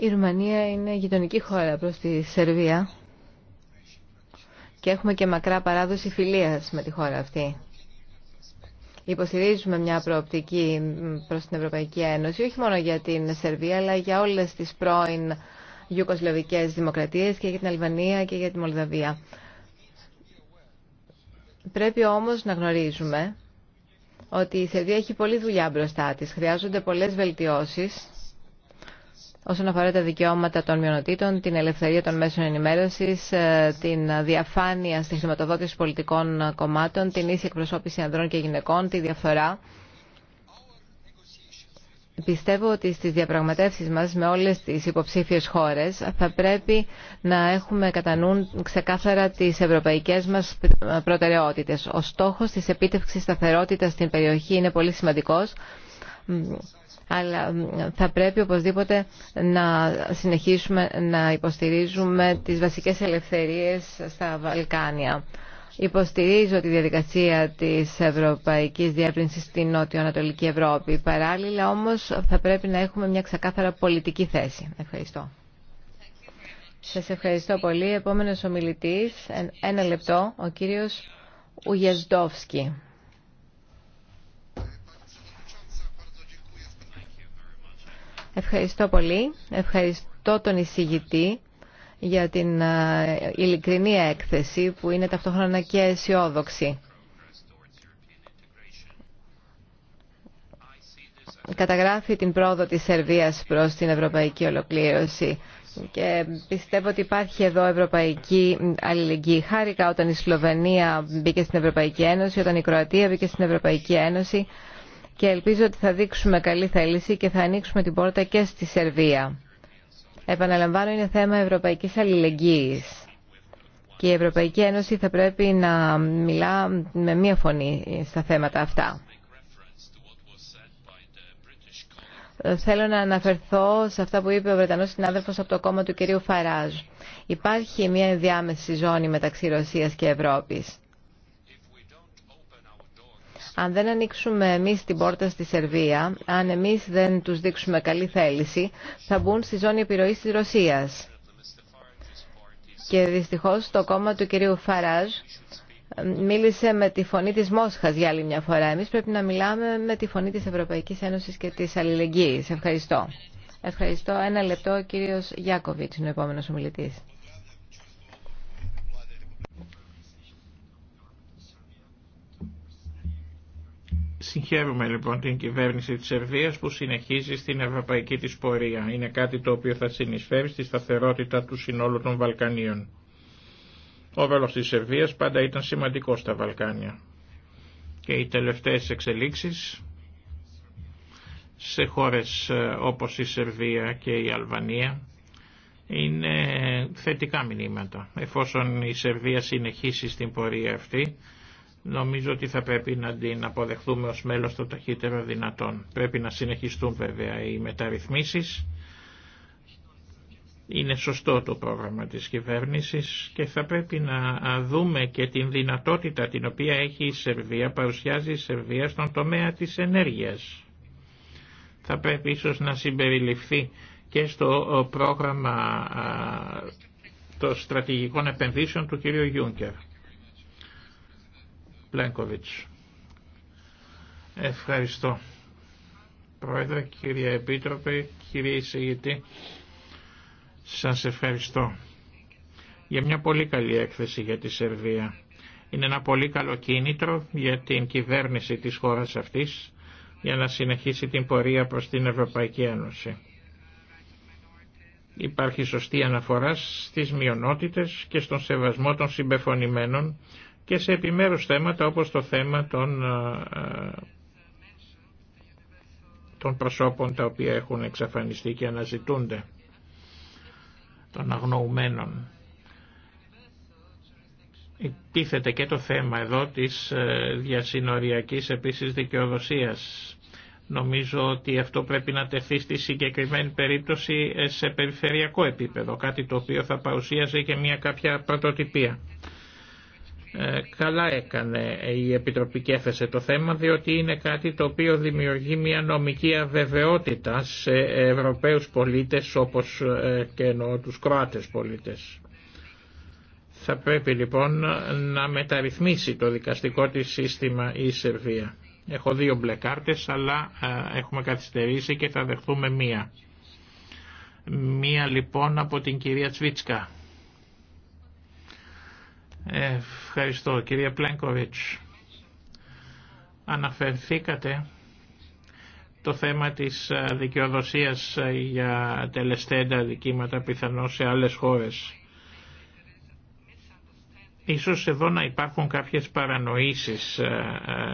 Η Ρουμανία είναι γειτονική χώρα προς τη Σερβία και έχουμε και μακρά παράδοση φιλίας με τη χώρα αυτή. Υποστηρίζουμε μια προοπτική προς την Ευρωπαϊκή Ένωση, όχι μόνο για την Σερβία, αλλά για όλες τις πρώην γιουκοσλαβικές δημοκρατίες και για την Αλβανία και για τη Μολδαβία. Πρέπει όμως να γνωρίζουμε ότι η Σερβία έχει πολλή δουλειά μπροστά της. Χρειάζονται πολλές βελτιώσεις όσον αφορά τα δικαιώματα των μειονοτήτων, την ελευθερία των μέσων ενημέρωσης, ε, την διαφάνεια στη χρηματοδότηση πολιτικών κομμάτων, την ίση εκπροσώπηση ανδρών και γυναικών, τη διαφθορά. Πιστεύω ότι στις διαπραγματεύσεις μας με όλες τις υποψήφιες χώρες θα πρέπει να έχουμε κατά νου ξεκάθαρα τις ευρωπαϊκές μας προτεραιότητες. Ο στόχος της επίτευξης σταθερότητας στην περιοχή είναι πολύ σημαντικός αλλά θα πρέπει οπωσδήποτε να συνεχίσουμε να υποστηρίζουμε τις βασικές ελευθερίες στα Βαλκάνια. Υποστηρίζω τη διαδικασία της Ευρωπαϊκής Διεύρυνσης στη Νότιο-Ανατολική Ευρώπη. Παράλληλα όμως θα πρέπει να έχουμε μια ξεκάθαρα πολιτική θέση. Ευχαριστώ. Σας ευχαριστώ πολύ. Επόμενος ομιλητής, ένα λεπτό, ο κύριος Ουγιασδόφσκι. Ευχαριστώ πολύ. Ευχαριστώ τον εισηγητή για την ε, ειλικρινή έκθεση που είναι ταυτόχρονα και αισιόδοξη. Καταγράφει την πρόοδο της Σερβίας προς την ευρωπαϊκή ολοκλήρωση και πιστεύω ότι υπάρχει εδώ ευρωπαϊκή αλληλεγγύη. Χάρηκα όταν η Σλοβενία μπήκε στην Ευρωπαϊκή Ένωση, όταν η Κροατία μπήκε στην Ευρωπαϊκή Ένωση και ελπίζω ότι θα δείξουμε καλή θέληση και θα ανοίξουμε την πόρτα και στη Σερβία. Επαναλαμβάνω, είναι θέμα ευρωπαϊκής αλληλεγγύης. Και η Ευρωπαϊκή Ένωση θα πρέπει να μιλά με μία φωνή στα θέματα αυτά. Θέλω να αναφερθώ σε αυτά που είπε ο Βρετανός συνάδελφος από το κόμμα του κυρίου Φαράζ. Υπάρχει μία διάμεση ζώνη μεταξύ Ρωσίας και Ευρώπης. Αν δεν ανοίξουμε εμείς την πόρτα στη Σερβία, αν εμείς δεν τους δείξουμε καλή θέληση, θα μπουν στη ζώνη επιρροής της Ρωσίας. Και δυστυχώς το κόμμα του κυρίου Φαράζ μίλησε με τη φωνή της Μόσχας για άλλη μια φορά. Εμείς πρέπει να μιλάμε με τη φωνή της Ευρωπαϊκής Ένωσης και της αλληλεγγύης. Ευχαριστώ. Ευχαριστώ. Ένα λεπτό ο κύριος Γιάκοβιτς είναι ο επόμενος ομιλητής. Συγχαίρουμε λοιπόν την κυβέρνηση της Σερβίας που συνεχίζει στην ευρωπαϊκή της πορεία. Είναι κάτι το οποίο θα συνεισφέρει στη σταθερότητα του συνόλου των Βαλκανίων. Ο βέλος της Σερβίας πάντα ήταν σημαντικό στα Βαλκάνια. Και οι τελευταίες εξελίξεις σε χώρες ε, όπως η Σερβία και η Αλβανία είναι θετικά μηνύματα. Εφόσον η Σερβία συνεχίσει στην πορεία αυτή, νομίζω ότι θα πρέπει να την αποδεχθούμε ως μέλος το ταχύτερο δυνατόν. Πρέπει να συνεχιστούν βέβαια οι μεταρρυθμίσεις. Είναι σωστό το πρόγραμμα της κυβέρνησης και θα πρέπει να δούμε και την δυνατότητα την οποία έχει η Σερβία, παρουσιάζει η Σερβία στον τομέα της ενέργειας. Θα πρέπει ίσως να συμπεριληφθεί και στο πρόγραμμα των στρατηγικών επενδύσεων του κ. Γιούνκερ. Πλένκοβιτς. Ευχαριστώ. Πρόεδρε, κύριε Επίτροπε, κύριε Εισηγητή, σας ευχαριστώ για μια πολύ καλή έκθεση για τη Σερβία. Είναι ένα πολύ καλό κίνητρο για την κυβέρνηση της χώρας αυτής για να συνεχίσει την πορεία προς την Ευρωπαϊκή Ένωση. Υπάρχει σωστή αναφορά στις μειονότητες και στον σεβασμό των συμπεφωνημένων και σε επιμέρους θέματα όπως το θέμα των, ε, ε, των προσώπων τα οποία έχουν εξαφανιστεί και αναζητούνται, των αγνοουμένων. Υπήθεται και το θέμα εδώ της ε, διασυνοριακής επίσης δικαιοδοσίας. Νομίζω ότι αυτό πρέπει να τεθεί στη συγκεκριμένη περίπτωση σε περιφερειακό επίπεδο, κάτι το οποίο θα παρουσίαζε και μια κάποια πρωτοτυπία. Ε, καλά έκανε η Επιτροπή και έθεσε το θέμα διότι είναι κάτι το οποίο δημιουργεί μια νομική αβεβαιότητα σε Ευρωπαίους πολίτες όπως ε, και εννοώ τους Κροάτες πολίτες. Θα πρέπει λοιπόν να μεταρρυθμίσει το δικαστικό της σύστημα η Σερβία. Έχω δύο μπλε κάρτες, αλλά ε, έχουμε καθυστερήσει και θα δεχθούμε μία. Μία λοιπόν από την κυρία Τσβίτσκα. Ευχαριστώ. Κυρία Πλένκοβιτς, αναφερθήκατε το θέμα της ε, δικαιοδοσίας ε, για τελεστέντα δικήματα πιθανώς σε άλλες χώρες. Ίσως εδώ να υπάρχουν κάποιες παρανοήσεις ε,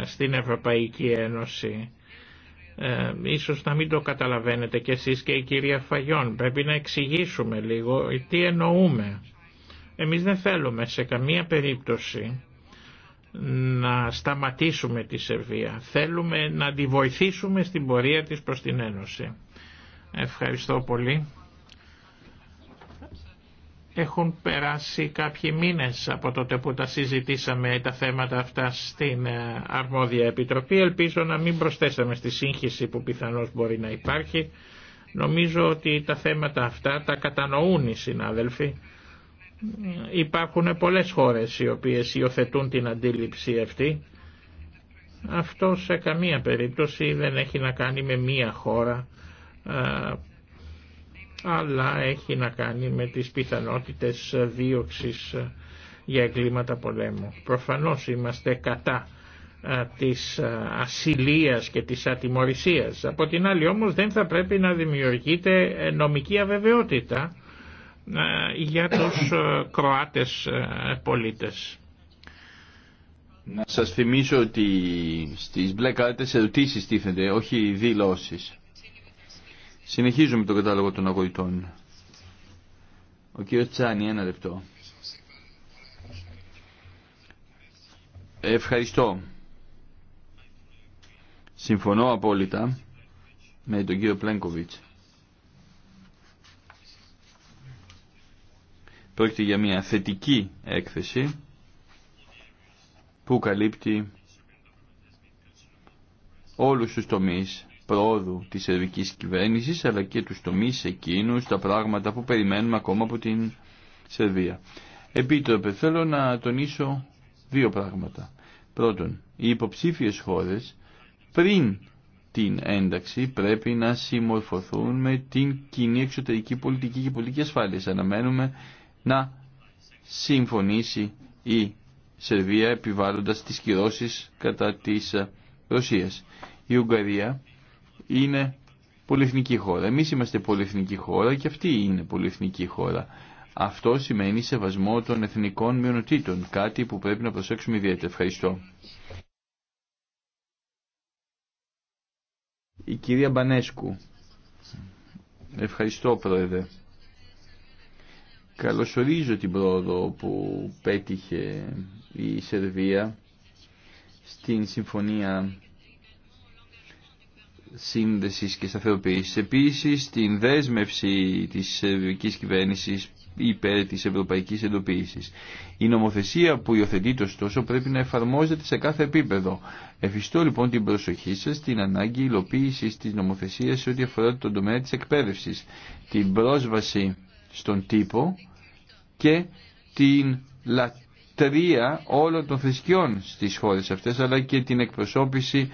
στην Ευρωπαϊκή Ένωση. Ίσως να μην το καταλαβαίνετε κι εσείς και η κυρία Φαγιόν. Πρέπει να εξηγήσουμε λίγο τι εννοούμε εμείς δεν θέλουμε σε καμία περίπτωση να σταματήσουμε τη Σερβία. Θέλουμε να τη βοηθήσουμε στην πορεία της προς την Ένωση. Ευχαριστώ πολύ. Έχουν περάσει κάποιοι μήνες από τότε που τα συζητήσαμε τα θέματα αυτά στην ε, Αρμόδια Επιτροπή. Ελπίζω να μην προσθέσαμε στη σύγχυση που πιθανώς μπορεί να υπάρχει. Νομίζω ότι τα θέματα αυτά τα κατανοούν οι συνάδελφοι Υπάρχουν πολλές χώρες οι οποίες υιοθετούν την αντίληψη αυτή. Αυτό σε καμία περίπτωση δεν έχει να κάνει με μία χώρα, αλλά έχει να κάνει με τις πιθανότητες δίωξης για εγκλήματα πολέμου. Προφανώς είμαστε κατά της ασυλίας και της ατιμορρησίας. Από την άλλη όμως δεν θα πρέπει να δημιουργείται νομική αβεβαιότητα ε, για τους ε, Κροάτες ε, πολίτες. Να σας θυμίσω ότι στις μπλε κάρτες ερωτήσεις τίθενται, όχι δηλώσεις. Συνεχίζουμε τον κατάλογο των αγωγητών. Ο κύριος Τσάνι, ένα λεπτό. Ευχαριστώ. Συμφωνώ απόλυτα με τον κύριο Πλένκοβιτς. Πρόκειται για μια θετική έκθεση που καλύπτει όλους τους τομείς πρόοδου της σερβικής κυβέρνησης αλλά και τους τομείς εκείνους, τα πράγματα που περιμένουμε ακόμα από την Σερβία. Επίτροπε, θέλω να τονίσω δύο πράγματα. Πρώτον, οι υποψήφιες χώρες πριν την ένταξη πρέπει να συμμορφωθούν με την κοινή εξωτερική πολιτική και πολιτική ασφάλεια. Αναμένουμε να συμφωνήσει η Σερβία επιβάλλοντας τις κυρώσεις κατά της ε, Ρωσίας. Η Ουγγαρία είναι πολυεθνική χώρα. Εμείς είμαστε πολυεθνική χώρα και αυτή είναι πολυεθνική χώρα. Αυτό σημαίνει σεβασμό των εθνικών μειονοτήτων, κάτι που πρέπει να προσέξουμε ιδιαίτερα. Ευχαριστώ. Η κυρία Μπανέσκου. Ευχαριστώ, Πρόεδρε. Καλωσορίζω την πρόοδο που πέτυχε η Σερβία στην Συμφωνία Σύνδεσης και Σταθεροποίησης. Επίσης, την δέσμευση της σερβικής κυβέρνησης υπέρ της ευρωπαϊκής εντοποίησης. Η νομοθεσία που υιοθετείται ωστόσο πρέπει να εφαρμόζεται σε κάθε επίπεδο. Εφιστώ λοιπόν την προσοχή σας στην ανάγκη υλοποίηση της νομοθεσίας σε ό,τι αφορά τον τομέα της εκπαίδευσης, την πρόσβαση στον τύπο και την λατρεία όλων των θρησκειών στις χώρες αυτές αλλά και την εκπροσώπηση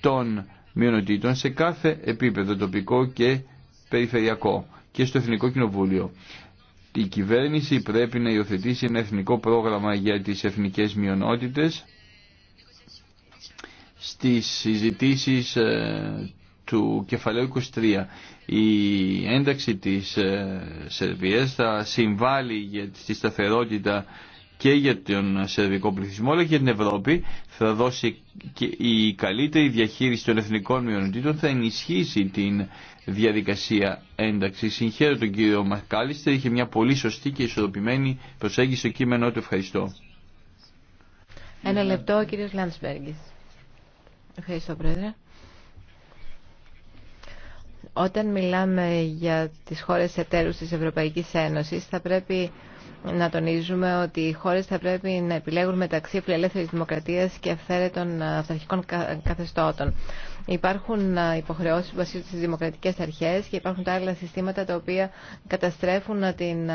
των μειονοτήτων σε κάθε επίπεδο τοπικό και περιφερειακό και στο Εθνικό Κοινοβούλιο. Η κυβέρνηση πρέπει να υιοθετήσει ένα εθνικό πρόγραμμα για τις εθνικές μειονότητες στις συζητήσεις ε, του κεφαλαίου 23. Η ένταξη της ε, Σερβίας θα συμβάλλει για τη σταθερότητα και για τον σερβικό πληθυσμό αλλά και για την Ευρώπη θα δώσει και η καλύτερη διαχείριση των εθνικών μειονοτήτων θα ενισχύσει την διαδικασία ένταξης. Συγχαίρω τον κύριο Μακάλιστερ, είχε μια πολύ σωστή και ισορροπημένη προσέγγιση στο κείμενό του. Ευχαριστώ. Ένα λεπτό, ο κύριος Ευχαριστώ, Πρόεδρε. Όταν μιλάμε για τις χώρες εταίρους της Ευρωπαϊκής Ένωσης θα πρέπει να τονίζουμε ότι οι χώρες θα πρέπει να επιλέγουν μεταξύ φιλελεύθερης δημοκρατίας και αυθαίρετων ε, αυταρχικών καθεστώτων. Υπάρχουν υποχρεώσεις που βασίζονται στις δημοκρατικές αρχές και υπάρχουν τα άλλα συστήματα τα οποία καταστρέφουν την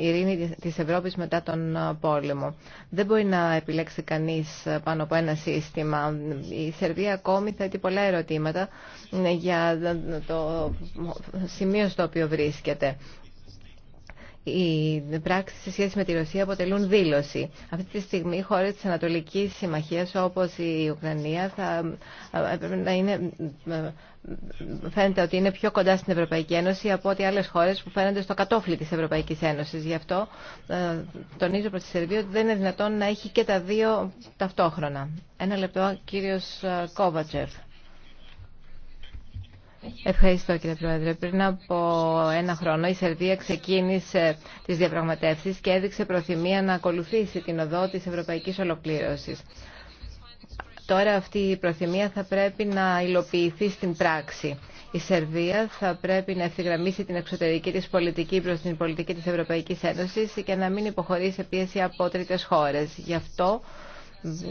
ειρήνη τη Ευρώπης μετά τον πόλεμο. Δεν μπορεί να επιλέξει κανείς πάνω από ένα σύστημα. Η Σερβία ακόμη θέτει πολλά ερωτήματα ε, για το σημείο στο οποίο βρίσκεται οι πράξεις σε σχέση με τη Ρωσία αποτελούν δήλωση. Αυτή τη στιγμή οι χώρες της Ανατολικής Συμμαχίας όπως η Ουκρανία θα, ε, ε, να είναι, ε, φαίνεται ότι είναι πιο κοντά στην Ευρωπαϊκή Ένωση από ό,τι άλλες χώρες που φαίνονται στο κατόφλι της Ευρωπαϊκής Ένωσης. Γι' αυτό τονίζω προς τη Σερβία ότι δεν είναι δυνατόν να έχει και τα δύο ταυτόχρονα. Ένα λεπτό, κύριος Κόβατσεφ. Ευχαριστώ κύριε Πρόεδρε. Πριν από ένα χρόνο η Σερβία ξεκίνησε τις διαπραγματεύσεις και έδειξε προθυμία να ακολουθήσει την οδό της ευρωπαϊκής ολοκλήρωσης. Τώρα αυτή η προθυμία θα πρέπει να υλοποιηθεί στην πράξη. Η Σερβία θα πρέπει να ευθυγραμμίσει την εξωτερική της πολιτική προς την πολιτική της Ευρωπαϊκής Ένωσης και να μην υποχωρήσει σε πίεση από τρίτες χώρες. Γι' αυτό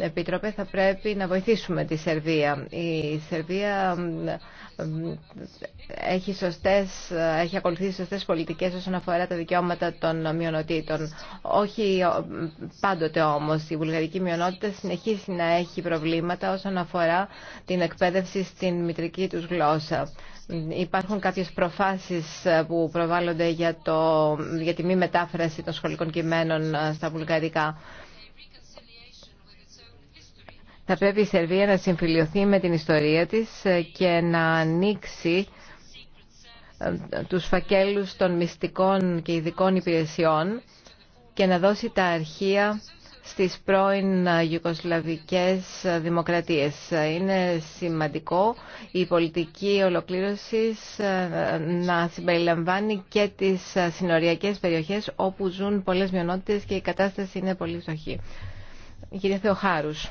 Επίτροπε, θα πρέπει να βοηθήσουμε τη Σερβία. Η Σερβία έχει, σωστές, έχει ακολουθήσει σωστές πολιτικές όσον αφορά τα δικαιώματα των μειονοτήτων. Όχι πάντοτε όμως. Η βουλγαρική μειονότητα συνεχίζει να έχει προβλήματα όσον αφορά την εκπαίδευση στην μητρική τους γλώσσα. Υπάρχουν κάποιες προφάσεις ε, που προβάλλονται για, το, για τη μη μετάφραση των σχολικών κειμένων ε, στα βουλγαρικά. Θα πρέπει η Σερβία να συμφιλειωθεί με την ιστορία της ε, και να ανοίξει ε, τους φακέλους των μυστικών και ειδικών υπηρεσιών και να δώσει τα αρχεία στις πρώην ε, Ιουκοσλαβικές δημοκρατίες. Είναι σημαντικό η πολιτική ολοκλήρωση να συμπεριλαμβάνει και τις συνοριακές περιοχές όπου ζουν πολλές μειονότητες και η κατάσταση είναι πολύ φτωχή. Κύριε Θεοχάρους.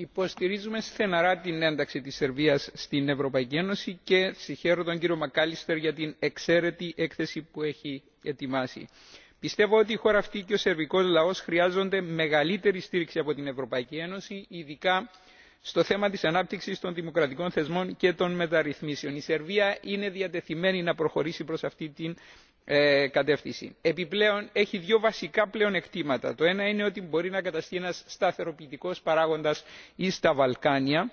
Υποστηρίζουμε στεναρά την ένταξη της Σερβίας στην Ευρωπαϊκή Ένωση και συγχαίρω τον κύριο Μακάλιστερ για την εξαίρετη έκθεση που έχει ετοιμάσει. Πιστεύω ότι η χώρα αυτή και ο σερβικός λαός χρειάζονται μεγαλύτερη στήριξη από την Ευρωπαϊκή Ένωση, ειδικά στο θέμα της ανάπτυξης των δημοκρατικών θεσμών και των μεταρρυθμίσεων. Η Σερβία είναι διατεθειμένη να προχωρήσει προς αυτή την ε, κατεύθυνση. επιπλέον έχει δύο βασικά πλεονεκτήματα το ένα είναι ότι μπορεί να καταστεί ένας σταθεροποιητικός παράγοντας στα βαλκάνια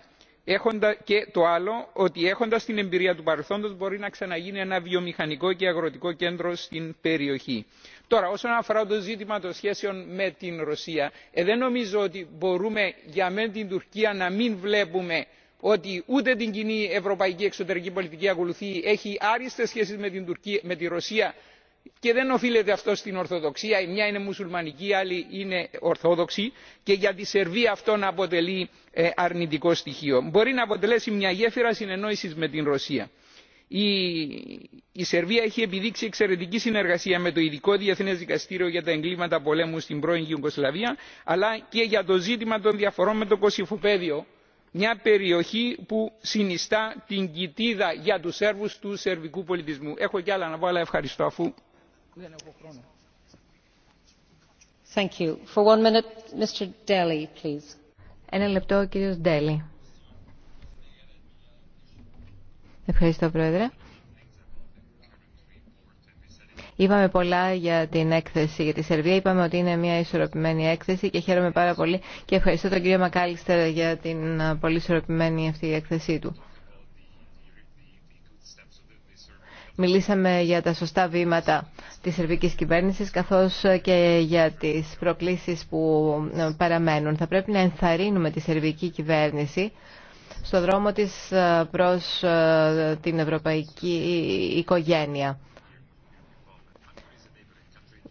και το άλλο ότι έχοντας την εμπειρία του παρελθόντος μπορεί να ξαναγίνει ένα βιομηχανικό και αγροτικό κέντρο στην περιοχή. Τώρα, όσον αφορά το ζήτημα των σχέσεων με την Ρωσία, ε, δεν νομίζω ότι μπορούμε για μεν την Τουρκία να μην βλέπουμε ότι ούτε την κοινή ευρωπαϊκή εξωτερική πολιτική ακολουθεί έχει άριστε σχέσει με τη ρωσία και δεν οφείλεται αυτό στην ορθοδοξία η μια είναι μουσουλμανική η άλλη είναι ορθόδοξη και για τη σερβία αυτό να αποτελεί ε, αρνητικό στοιχείο. μπορεί να αποτελέσει μια γέφυρα συνεννόηση με την ρωσία. η σερβία έχει επιδείξει εξαιρετική συνεργασία με το ειδικό διεθνέ δικαστήριο για τα εγκλήματα πολέμου στην πρώην γιουγκοσλαβία αλλά και για το ζήτημα των διαφορών με το κωσυφοπαίδιο μια περιοχή που συνιστά την κοιτίδα για τους Σέρβους του σερβικού πολιτισμού. Έχω κι άλλα να πω, αλλά ευχαριστώ αφού δεν έχω χρόνο. Thank you. For one minute, Mr. Daly, please. Ένα λεπτό, κύριος Daly. Ευχαριστώ, Πρόεδρε. Είπαμε πολλά για την έκθεση για τη Σερβία. Είπαμε ότι είναι μια ισορροπημένη έκθεση και χαίρομαι πάρα πολύ και ευχαριστώ τον κύριο Μακάλιστερ για την πολύ ισορροπημένη αυτή η έκθεσή του. Μιλήσαμε για τα σωστά βήματα της σερβικής κυβέρνησης καθώς και για τις προκλήσεις που παραμένουν. Θα πρέπει να ενθαρρύνουμε τη σερβική κυβέρνηση στο δρόμο της προς την ευρωπαϊκή οικογένεια.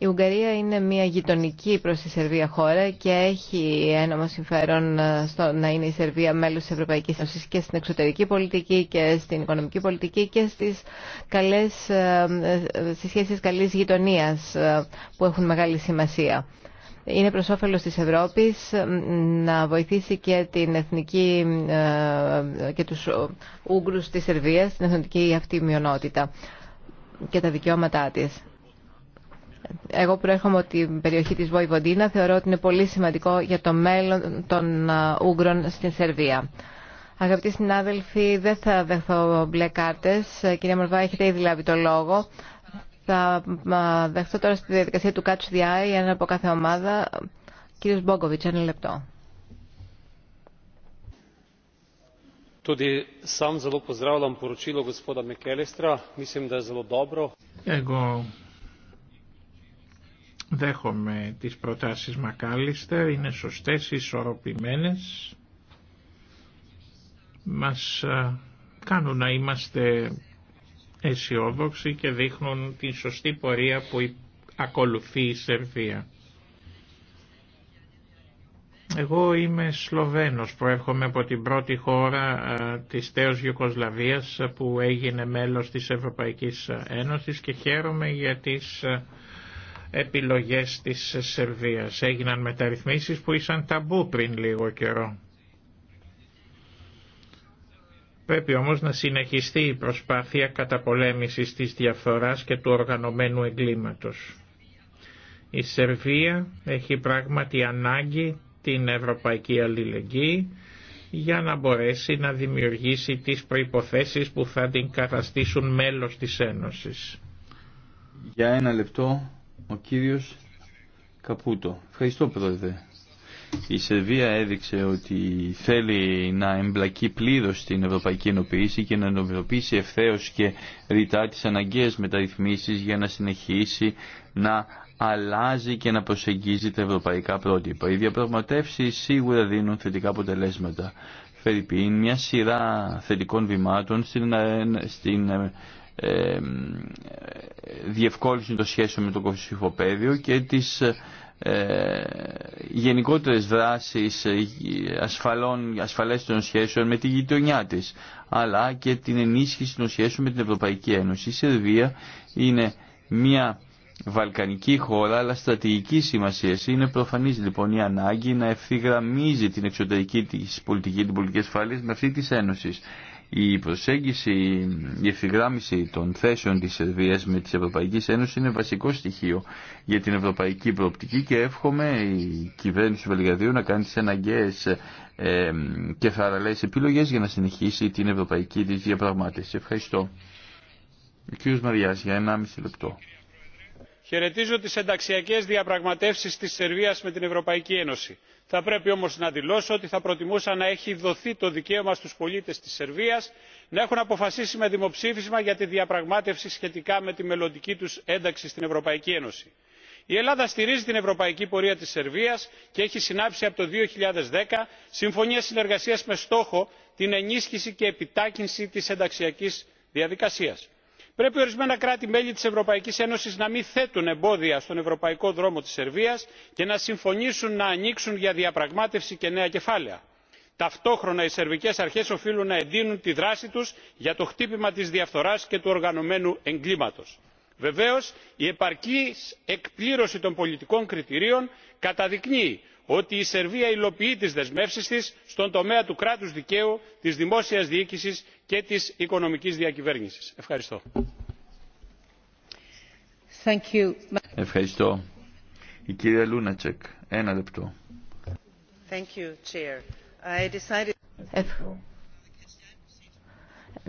Η Ουγγαρία είναι μια γειτονική προ τη Σερβία χώρα και έχει ένομο συμφέρον ε, στο να είναι η Σερβία μέλο τη Ευρωπαϊκή Ένωση και στην εξωτερική πολιτική και στην οικονομική πολιτική και στι καλές, ε, ε, στις σχέσεις καλής γειτονίας που έχουν μεγάλη σημασία. Είναι προ όφελο της Ευρώπης να βοηθήσει και την εθνική και τους Ούγγρους της Σερβίας, την εθνική αυτή μειονότητα και τα δικαιώματά της. Εγώ προέρχομαι από την περιοχή της Βοηβοντίνα, θεωρώ ότι είναι πολύ σημαντικό για το μέλλον των ε, Ούγγρων στην Σερβία. Αγαπητοί συνάδελφοι, δεν θα δεχθώ μπλε κάρτες. Ε, κυρία Μορβά, έχετε ήδη λάβει το λόγο. Θα ε, δεχθώ τώρα στη διαδικασία του Catch the Eye, ένα από κάθε ομάδα. Κύριος Μπόγκοβιτς, ένα λεπτό. Εγώ Δέχομαι τις προτάσεις Μακάλιστερ, είναι σωστές, ισορροπημένες. Μας κάνουν να είμαστε αισιόδοξοι και δείχνουν την σωστή πορεία που ακολουθεί η Σερβία. Εγώ είμαι Σλοβένος, προέρχομαι από την πρώτη χώρα της τέος Γιουκοσλαβίας που έγινε μέλος της Ευρωπαϊκής Ένωσης και χαίρομαι για τις επιλογές της Σερβίας. Έγιναν μεταρρυθμίσεις που ήσαν ταμπού πριν λίγο καιρό. Πρέπει όμως να συνεχιστεί η προσπάθεια καταπολέμησης της διαφθοράς και του οργανωμένου εγκλήματος. Η Σερβία έχει πράγματι ανάγκη την ευρωπαϊκή αλληλεγγύη για να μπορέσει να δημιουργήσει τις προϋποθέσεις που θα την καταστήσουν μέλος της Ένωσης. Για ένα λεπτό ο κύριος Καπούτο. Ευχαριστώ πρόεδρε. Η Σερβία έδειξε ότι θέλει να εμπλακεί πλήρω στην ευρωπαϊκή ενοποίηση και να ενοποιήσει ευθέω και ρητά τις αναγκαίες μεταρρυθμίσει για να συνεχίσει να αλλάζει και να προσεγγίζει τα ευρωπαϊκά πρότυπα. Οι διαπραγματεύσει σίγουρα δίνουν θετικά αποτελέσματα. Φερρυπίν, μια σειρά θετικών βημάτων στην, στην ε, διευκόλυνση των σχέσεων με το κοσυφοπαίδιο και τις ε, γενικότερες δράσεις ε, ασφαλών, ασφαλές των σχέσεων με τη γειτονιά της αλλά και την ενίσχυση των σχέσεων με την Ευρωπαϊκή Ένωση. Η Σερβία είναι μια βαλκανική χώρα αλλά στρατηγική σημασία. Είναι προφανής λοιπόν η ανάγκη να ευθυγραμμίζει την εξωτερική της πολιτική, την πολιτική ασφάλεια με αυτή της Ένωσης. Η προσέγγιση, η ευθυγράμμιση των θέσεων της Σερβίας με της Ευρωπαϊκής Ένωσης είναι βασικό στοιχείο για την ευρωπαϊκή προοπτική και εύχομαι η κυβέρνηση του Βελγαδίου να κάνει τις αναγκαίες ε, και θαραλές επιλογές για να συνεχίσει την ευρωπαϊκή της διαπραγμάτευση. Ευχαριστώ. Ο κύριος Μαριάς για 1,5 λεπτό. Χαιρετίζω τις ενταξιακές διαπραγματεύσεις της Σερβίας με την Ευρωπαϊκή Ένωση θα πρέπει όμως να δηλώσω ότι θα προτιμούσα να έχει δοθεί το δικαίωμα στους πολίτες της σερβίας να έχουν αποφασίσει με δημοψήφισμα για τη διαπραγμάτευση σχετικά με τη μελλοντική τους ένταξη στην ευρωπαϊκή ένωση. η ελλάδα στηρίζει την ευρωπαϊκή πορεία της σερβίας και έχει συνάψει από το 2010 χιλιάδες δέκα συμφωνίες συνεργασίας με στόχο την ενίσχυση και επιτάχυνση της ενταξιακής διαδικασίας πρέπει ορισμένα κράτη μέλη της ευρωπαϊκής ένωσης να μην θέτουν εμπόδια στον ευρωπαϊκό δρόμο της σερβίας και να συμφωνήσουν να ανοίξουν για διαπραγμάτευση και νέα κεφάλαια. ταυτόχρονα οι σερβικές αρχές οφείλουν να εντείνουν τη δράση τους για το χτύπημα της διαφθοράς και του οργανωμένου εγκλήματος. βεβαίως η επαρκής εκπλήρωση των πολιτικών κριτηρίων καταδεικνύει ότι η σερβία υλοποιεί τις δεσμεύσεις της στον τομέα του κράτου δικαίου τη δημόσια διοίκηση και τη οικονομική διακυβέρνηση. ευχαριστώ. Ευχαριστώ. Η κυρία Λούνατσεκ, ένα λεπτό.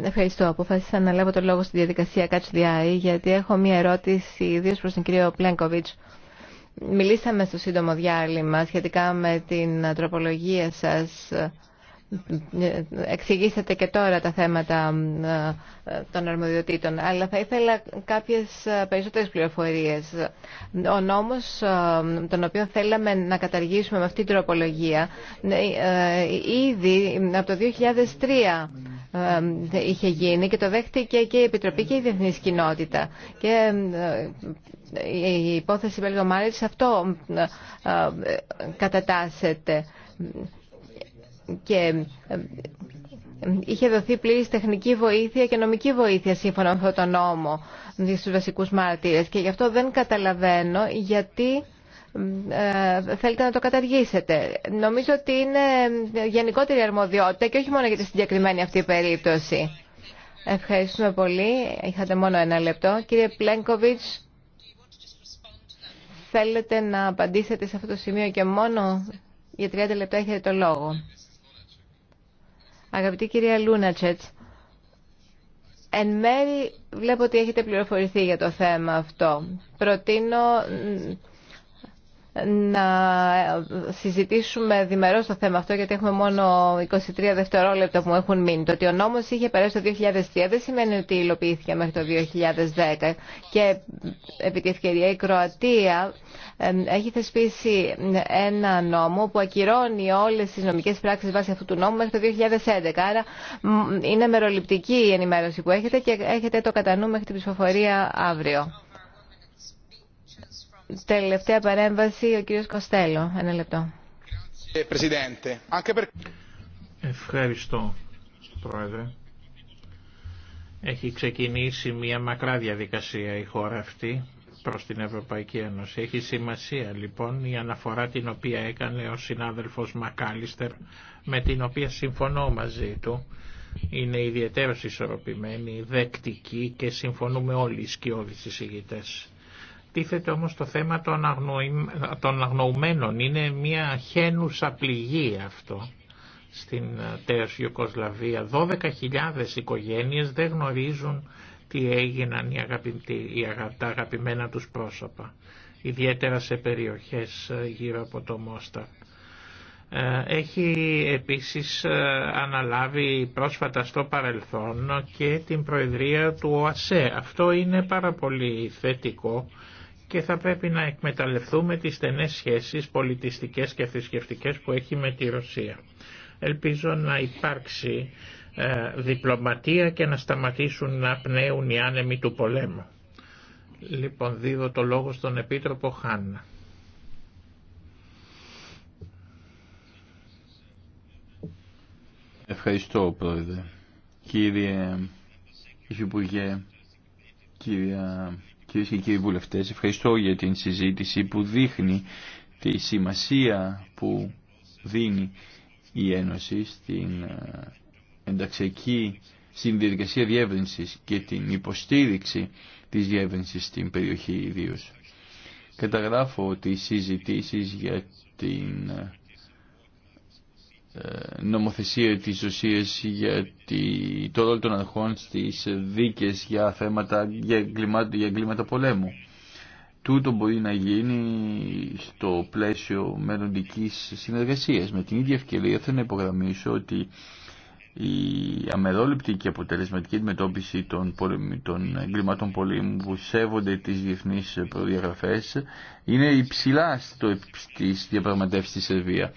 Ευχαριστώ. Αποφάσισα να λάβω το λόγο στη διαδικασία Catch the Eye, γιατί έχω μία ερώτηση ιδίω προ τον κύριο Πλένκοβιτς Μιλήσαμε στο σύντομο διάλειμμα σχετικά με την τροπολογία σας εξηγήσατε και τώρα τα θέματα ε, των αρμοδιοτήτων, αλλά θα ήθελα κάποιες ε, περισσότερες πληροφορίες. Ο νόμος ε, τον οποίο θέλαμε να καταργήσουμε με αυτή την τροπολογία ήδη από το 2003 είχε γίνει και το δέχτηκε και η Επιτροπή και η διεθνή Κοινότητα. Και η υπόθεση Μπέλγο αυτό κατατάσσεται και ε, ε, είχε δοθεί πλήρης τεχνική βοήθεια και νομική βοήθεια σύμφωνα με αυτόν τον νόμο στους βασικούς μάρτυρες και γι' αυτό δεν καταλαβαίνω γιατί ε, θέλετε να το καταργήσετε. Νομίζω ότι είναι γενικότερη αρμοδιότητα και όχι μόνο για τη συγκεκριμένη αυτή περίπτωση. Ευχαριστούμε πολύ. Είχατε μόνο ένα λεπτό. Κύριε Πλένκοβιτς, θέλετε να απαντήσετε σε αυτό το σημείο και μόνο για 30 λεπτά έχετε το λόγο. Αγαπητή κυρία Λούνατσετς, εν μέρη βλέπω ότι έχετε πληροφορηθεί για το θέμα αυτό. Προτείνω να συζητήσουμε διμερώς το θέμα αυτό γιατί έχουμε μόνο 23 δευτερόλεπτα που μου έχουν μείνει. Το ότι ο νόμος είχε περάσει το 2003 δεν σημαίνει ότι υλοποιήθηκε μέχρι το 2010 και επί τη ευκαιρία η Κροατία έχει θεσπίσει ένα νόμο που ακυρώνει όλες τις νομικές πράξεις βάσει αυτού του νόμου μέχρι το 2011. Άρα είναι μεροληπτική η ενημέρωση που έχετε και έχετε το κατά νου μέχρι την ψηφοφορία αύριο. Τελευταία παρέμβαση, ο κύριος Κοστέλο. Ένα λεπτό. Ε, Ευχαριστώ, Πρόεδρε. Έχει ξεκινήσει μια μακρά διαδικασία η χώρα αυτή προς την Ευρωπαϊκή Ένωση. Έχει σημασία λοιπόν η αναφορά την οποία έκανε ο συνάδελφος Μακάλιστερ με την οποία συμφωνώ μαζί του. Είναι ιδιαίτερα ισορροπημένη, δεκτική και συμφωνούμε όλοι οι σκιώδεις εισηγητές τίθεται όμως το θέμα των, αγνοη... των αγνοουμένων. Είναι μια χένουσα πληγή αυτό στην ε, τέος Ιουκοσλαβία. 12.000 οικογένειες δεν γνωρίζουν τι έγιναν οι αγαπητοί, οι αγα... τα αγαπημένα τους πρόσωπα, ιδιαίτερα σε περιοχές ε, γύρω από το Μόστα. Ε, έχει επίσης αναλάβει πρόσφατα στο παρελθόν και την προεδρία του ΟΑΣΕ. Αυτό είναι πάρα πολύ θετικό και θα πρέπει να εκμεταλλευτούμε τις στενές σχέσεις πολιτιστικές και θρησκευτικέ που έχει με τη Ρωσία. Ελπίζω να υπάρξει ε, διπλωματία και να σταματήσουν να πνέουν οι άνεμοι του πολέμου. Λοιπόν, δίδω το λόγο στον Επίτροπο Χάννα. Ευχαριστώ, Πρόεδρε. Κύριε Υφυπουργέ, κύρια Κυρίε και κύριοι βουλευτέ, ευχαριστώ για την συζήτηση που δείχνει τη σημασία που δίνει η Ένωση στην ε, ενταξιακή στην διαδικασία και την υποστήριξη της διεύρυνσης στην περιοχή ιδίω. Καταγράφω ότι οι για την ε, νομοθεσία τη ουσία για το ρόλο των αρχών στις δίκες για θέματα για εγκλήματα, για εγκλήματα πολέμου. Τούτο μπορεί να γίνει στο πλαίσιο μελλοντική συνεργασίας. Με την ίδια ευκαιρία θέλω να υπογραμμίσω ότι η αμερόληπτη και αποτελεσματική αντιμετώπιση των, των εγκλήματων πολέμου που σέβονται τις διεθνεί προδιαγραφέ, είναι υψηλά στο, στις διαπραγματεύσεις Σερβία.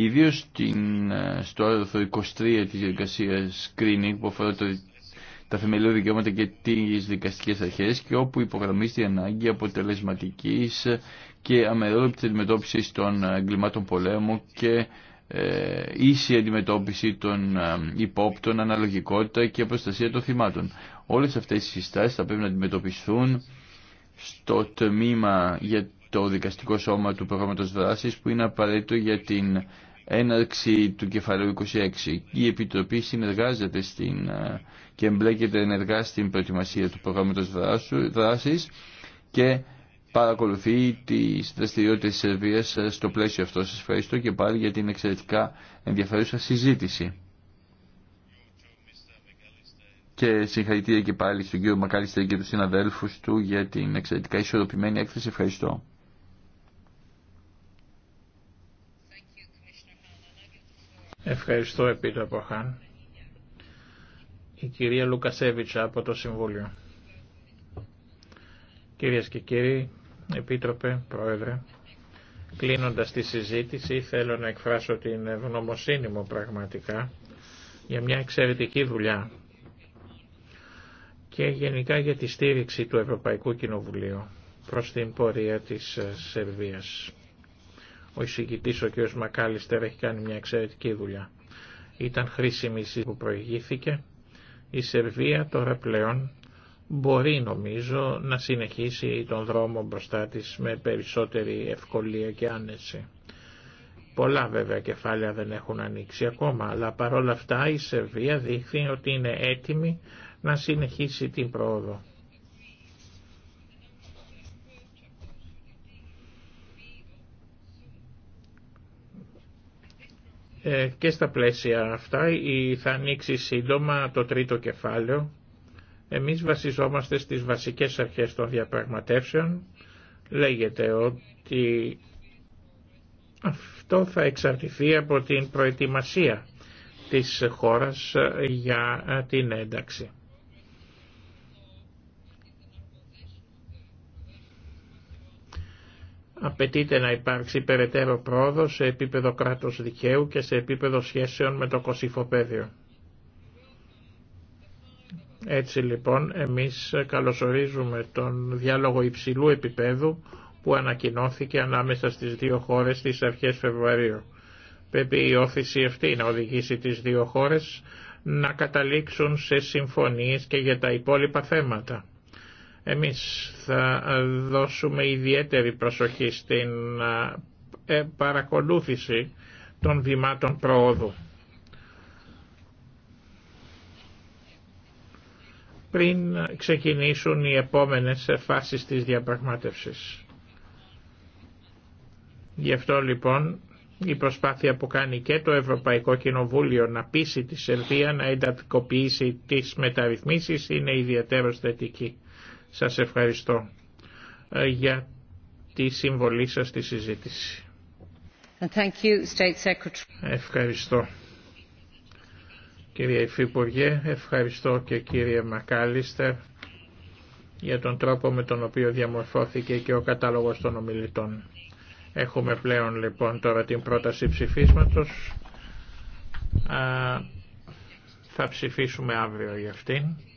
Ιδίω ε, στο άρθρο 23 τη διαδικασία screening που αφορά το, τα θεμελιώδη δικαιώματα και τι δικαστικέ αρχέ και όπου υπογραμμίζεται η ανάγκη αποτελεσματική και αμερόληπτη αντιμετώπιση των ε, εγκλημάτων πολέμου και ε, ίση αντιμετώπιση των ε, υπόπτων, αναλογικότητα και προστασία των θυμάτων. Όλες αυτές οι συστάσεις θα πρέπει να αντιμετωπιστούν στο τμήμα για το δικαστικό σώμα του προγράμματος δράσης που είναι απαραίτητο για την έναρξη του κεφαλαίου 26. Η Επιτροπή συνεργάζεται στην, ε, και εμπλέκεται ενεργά στην προετοιμασία του προγράμματος δράσης και παρακολουθεί τις δραστηριότητες της Σερβίας ε, στο πλαίσιο αυτό. Σας ευχαριστώ και πάλι για την εξαιρετικά ενδιαφέρουσα συζήτηση. Και συγχαρητήρια και πάλι στον κύριο Μακάλιστερ και τους συναδέλφους του για την εξαιρετικά ισορροπημένη έκθεση. Ευχαριστώ. Ευχαριστώ Επίτροπο Χάν. Η κυρία Λουκασέβιτσα από το Συμβούλιο. Κυρίες και κύριοι, Επίτροπε, Πρόεδρε, κλείνοντας τη συζήτηση θέλω να εκφράσω την ευγνωμοσύνη μου πραγματικά για μια εξαιρετική δουλειά και γενικά για τη στήριξη του Ευρωπαϊκού Κοινοβουλίου προς την πορεία της Σερβίας. Ο εισηγητή ο κ. Μακάλιστερ έχει κάνει μια εξαιρετική δουλειά. Ήταν χρήσιμη η που προηγήθηκε. Η Σερβία τώρα πλέον μπορεί νομίζω να συνεχίσει τον δρόμο μπροστά της με περισσότερη ευκολία και άνεση. Πολλά βέβαια κεφάλαια δεν έχουν ανοίξει ακόμα, αλλά παρόλα αυτά η Σερβία δείχνει ότι είναι έτοιμη να συνεχίσει την πρόοδο. Ε, και στα πλαίσια αυτά η, θα ανοίξει σύντομα το τρίτο κεφάλαιο. Εμείς βασιζόμαστε στις βασικές αρχές των διαπραγματεύσεων. Λέγεται ότι αυτό θα εξαρτηθεί από την προετοιμασία της χώρας ε, για ε, την ένταξη. Απαιτείται να υπάρξει περαιτέρω πρόοδο σε επίπεδο κράτος δικαίου και σε επίπεδο σχέσεων με το κοσυφοπέδιο. Έτσι λοιπόν εμείς καλωσορίζουμε τον διάλογο υψηλού επίπεδου που ανακοινώθηκε ανάμεσα στις δύο χώρες στις αρχές Φεβρουαρίου. Πρέπει η όθηση αυτή να οδηγήσει τις δύο χώρες να καταλήξουν σε συμφωνίες και για τα υπόλοιπα θέματα. Εμείς θα δώσουμε ιδιαίτερη προσοχή στην ε, παρακολούθηση των βημάτων προόδου. πριν ξεκινήσουν οι επόμενες φάσεις της διαπραγμάτευσης. Γι' αυτό λοιπόν η προσπάθεια που κάνει και το Ευρωπαϊκό Κοινοβούλιο να πείσει τη Σερβία να εντατικοποιήσει τις μεταρρυθμίσεις είναι ιδιαίτερο θετική. Σας ευχαριστώ ε, για τη συμβολή σας στη συζήτηση. you, Ευχαριστώ. Κύριε Υφυπουργέ, ευχαριστώ και κύριε Μακάλιστερ για τον τρόπο με τον οποίο διαμορφώθηκε και ο κατάλογος των ομιλητών. Έχουμε πλέον λοιπόν τώρα την πρόταση ψηφίσματος. Α, θα ψηφίσουμε αύριο για αυτήν.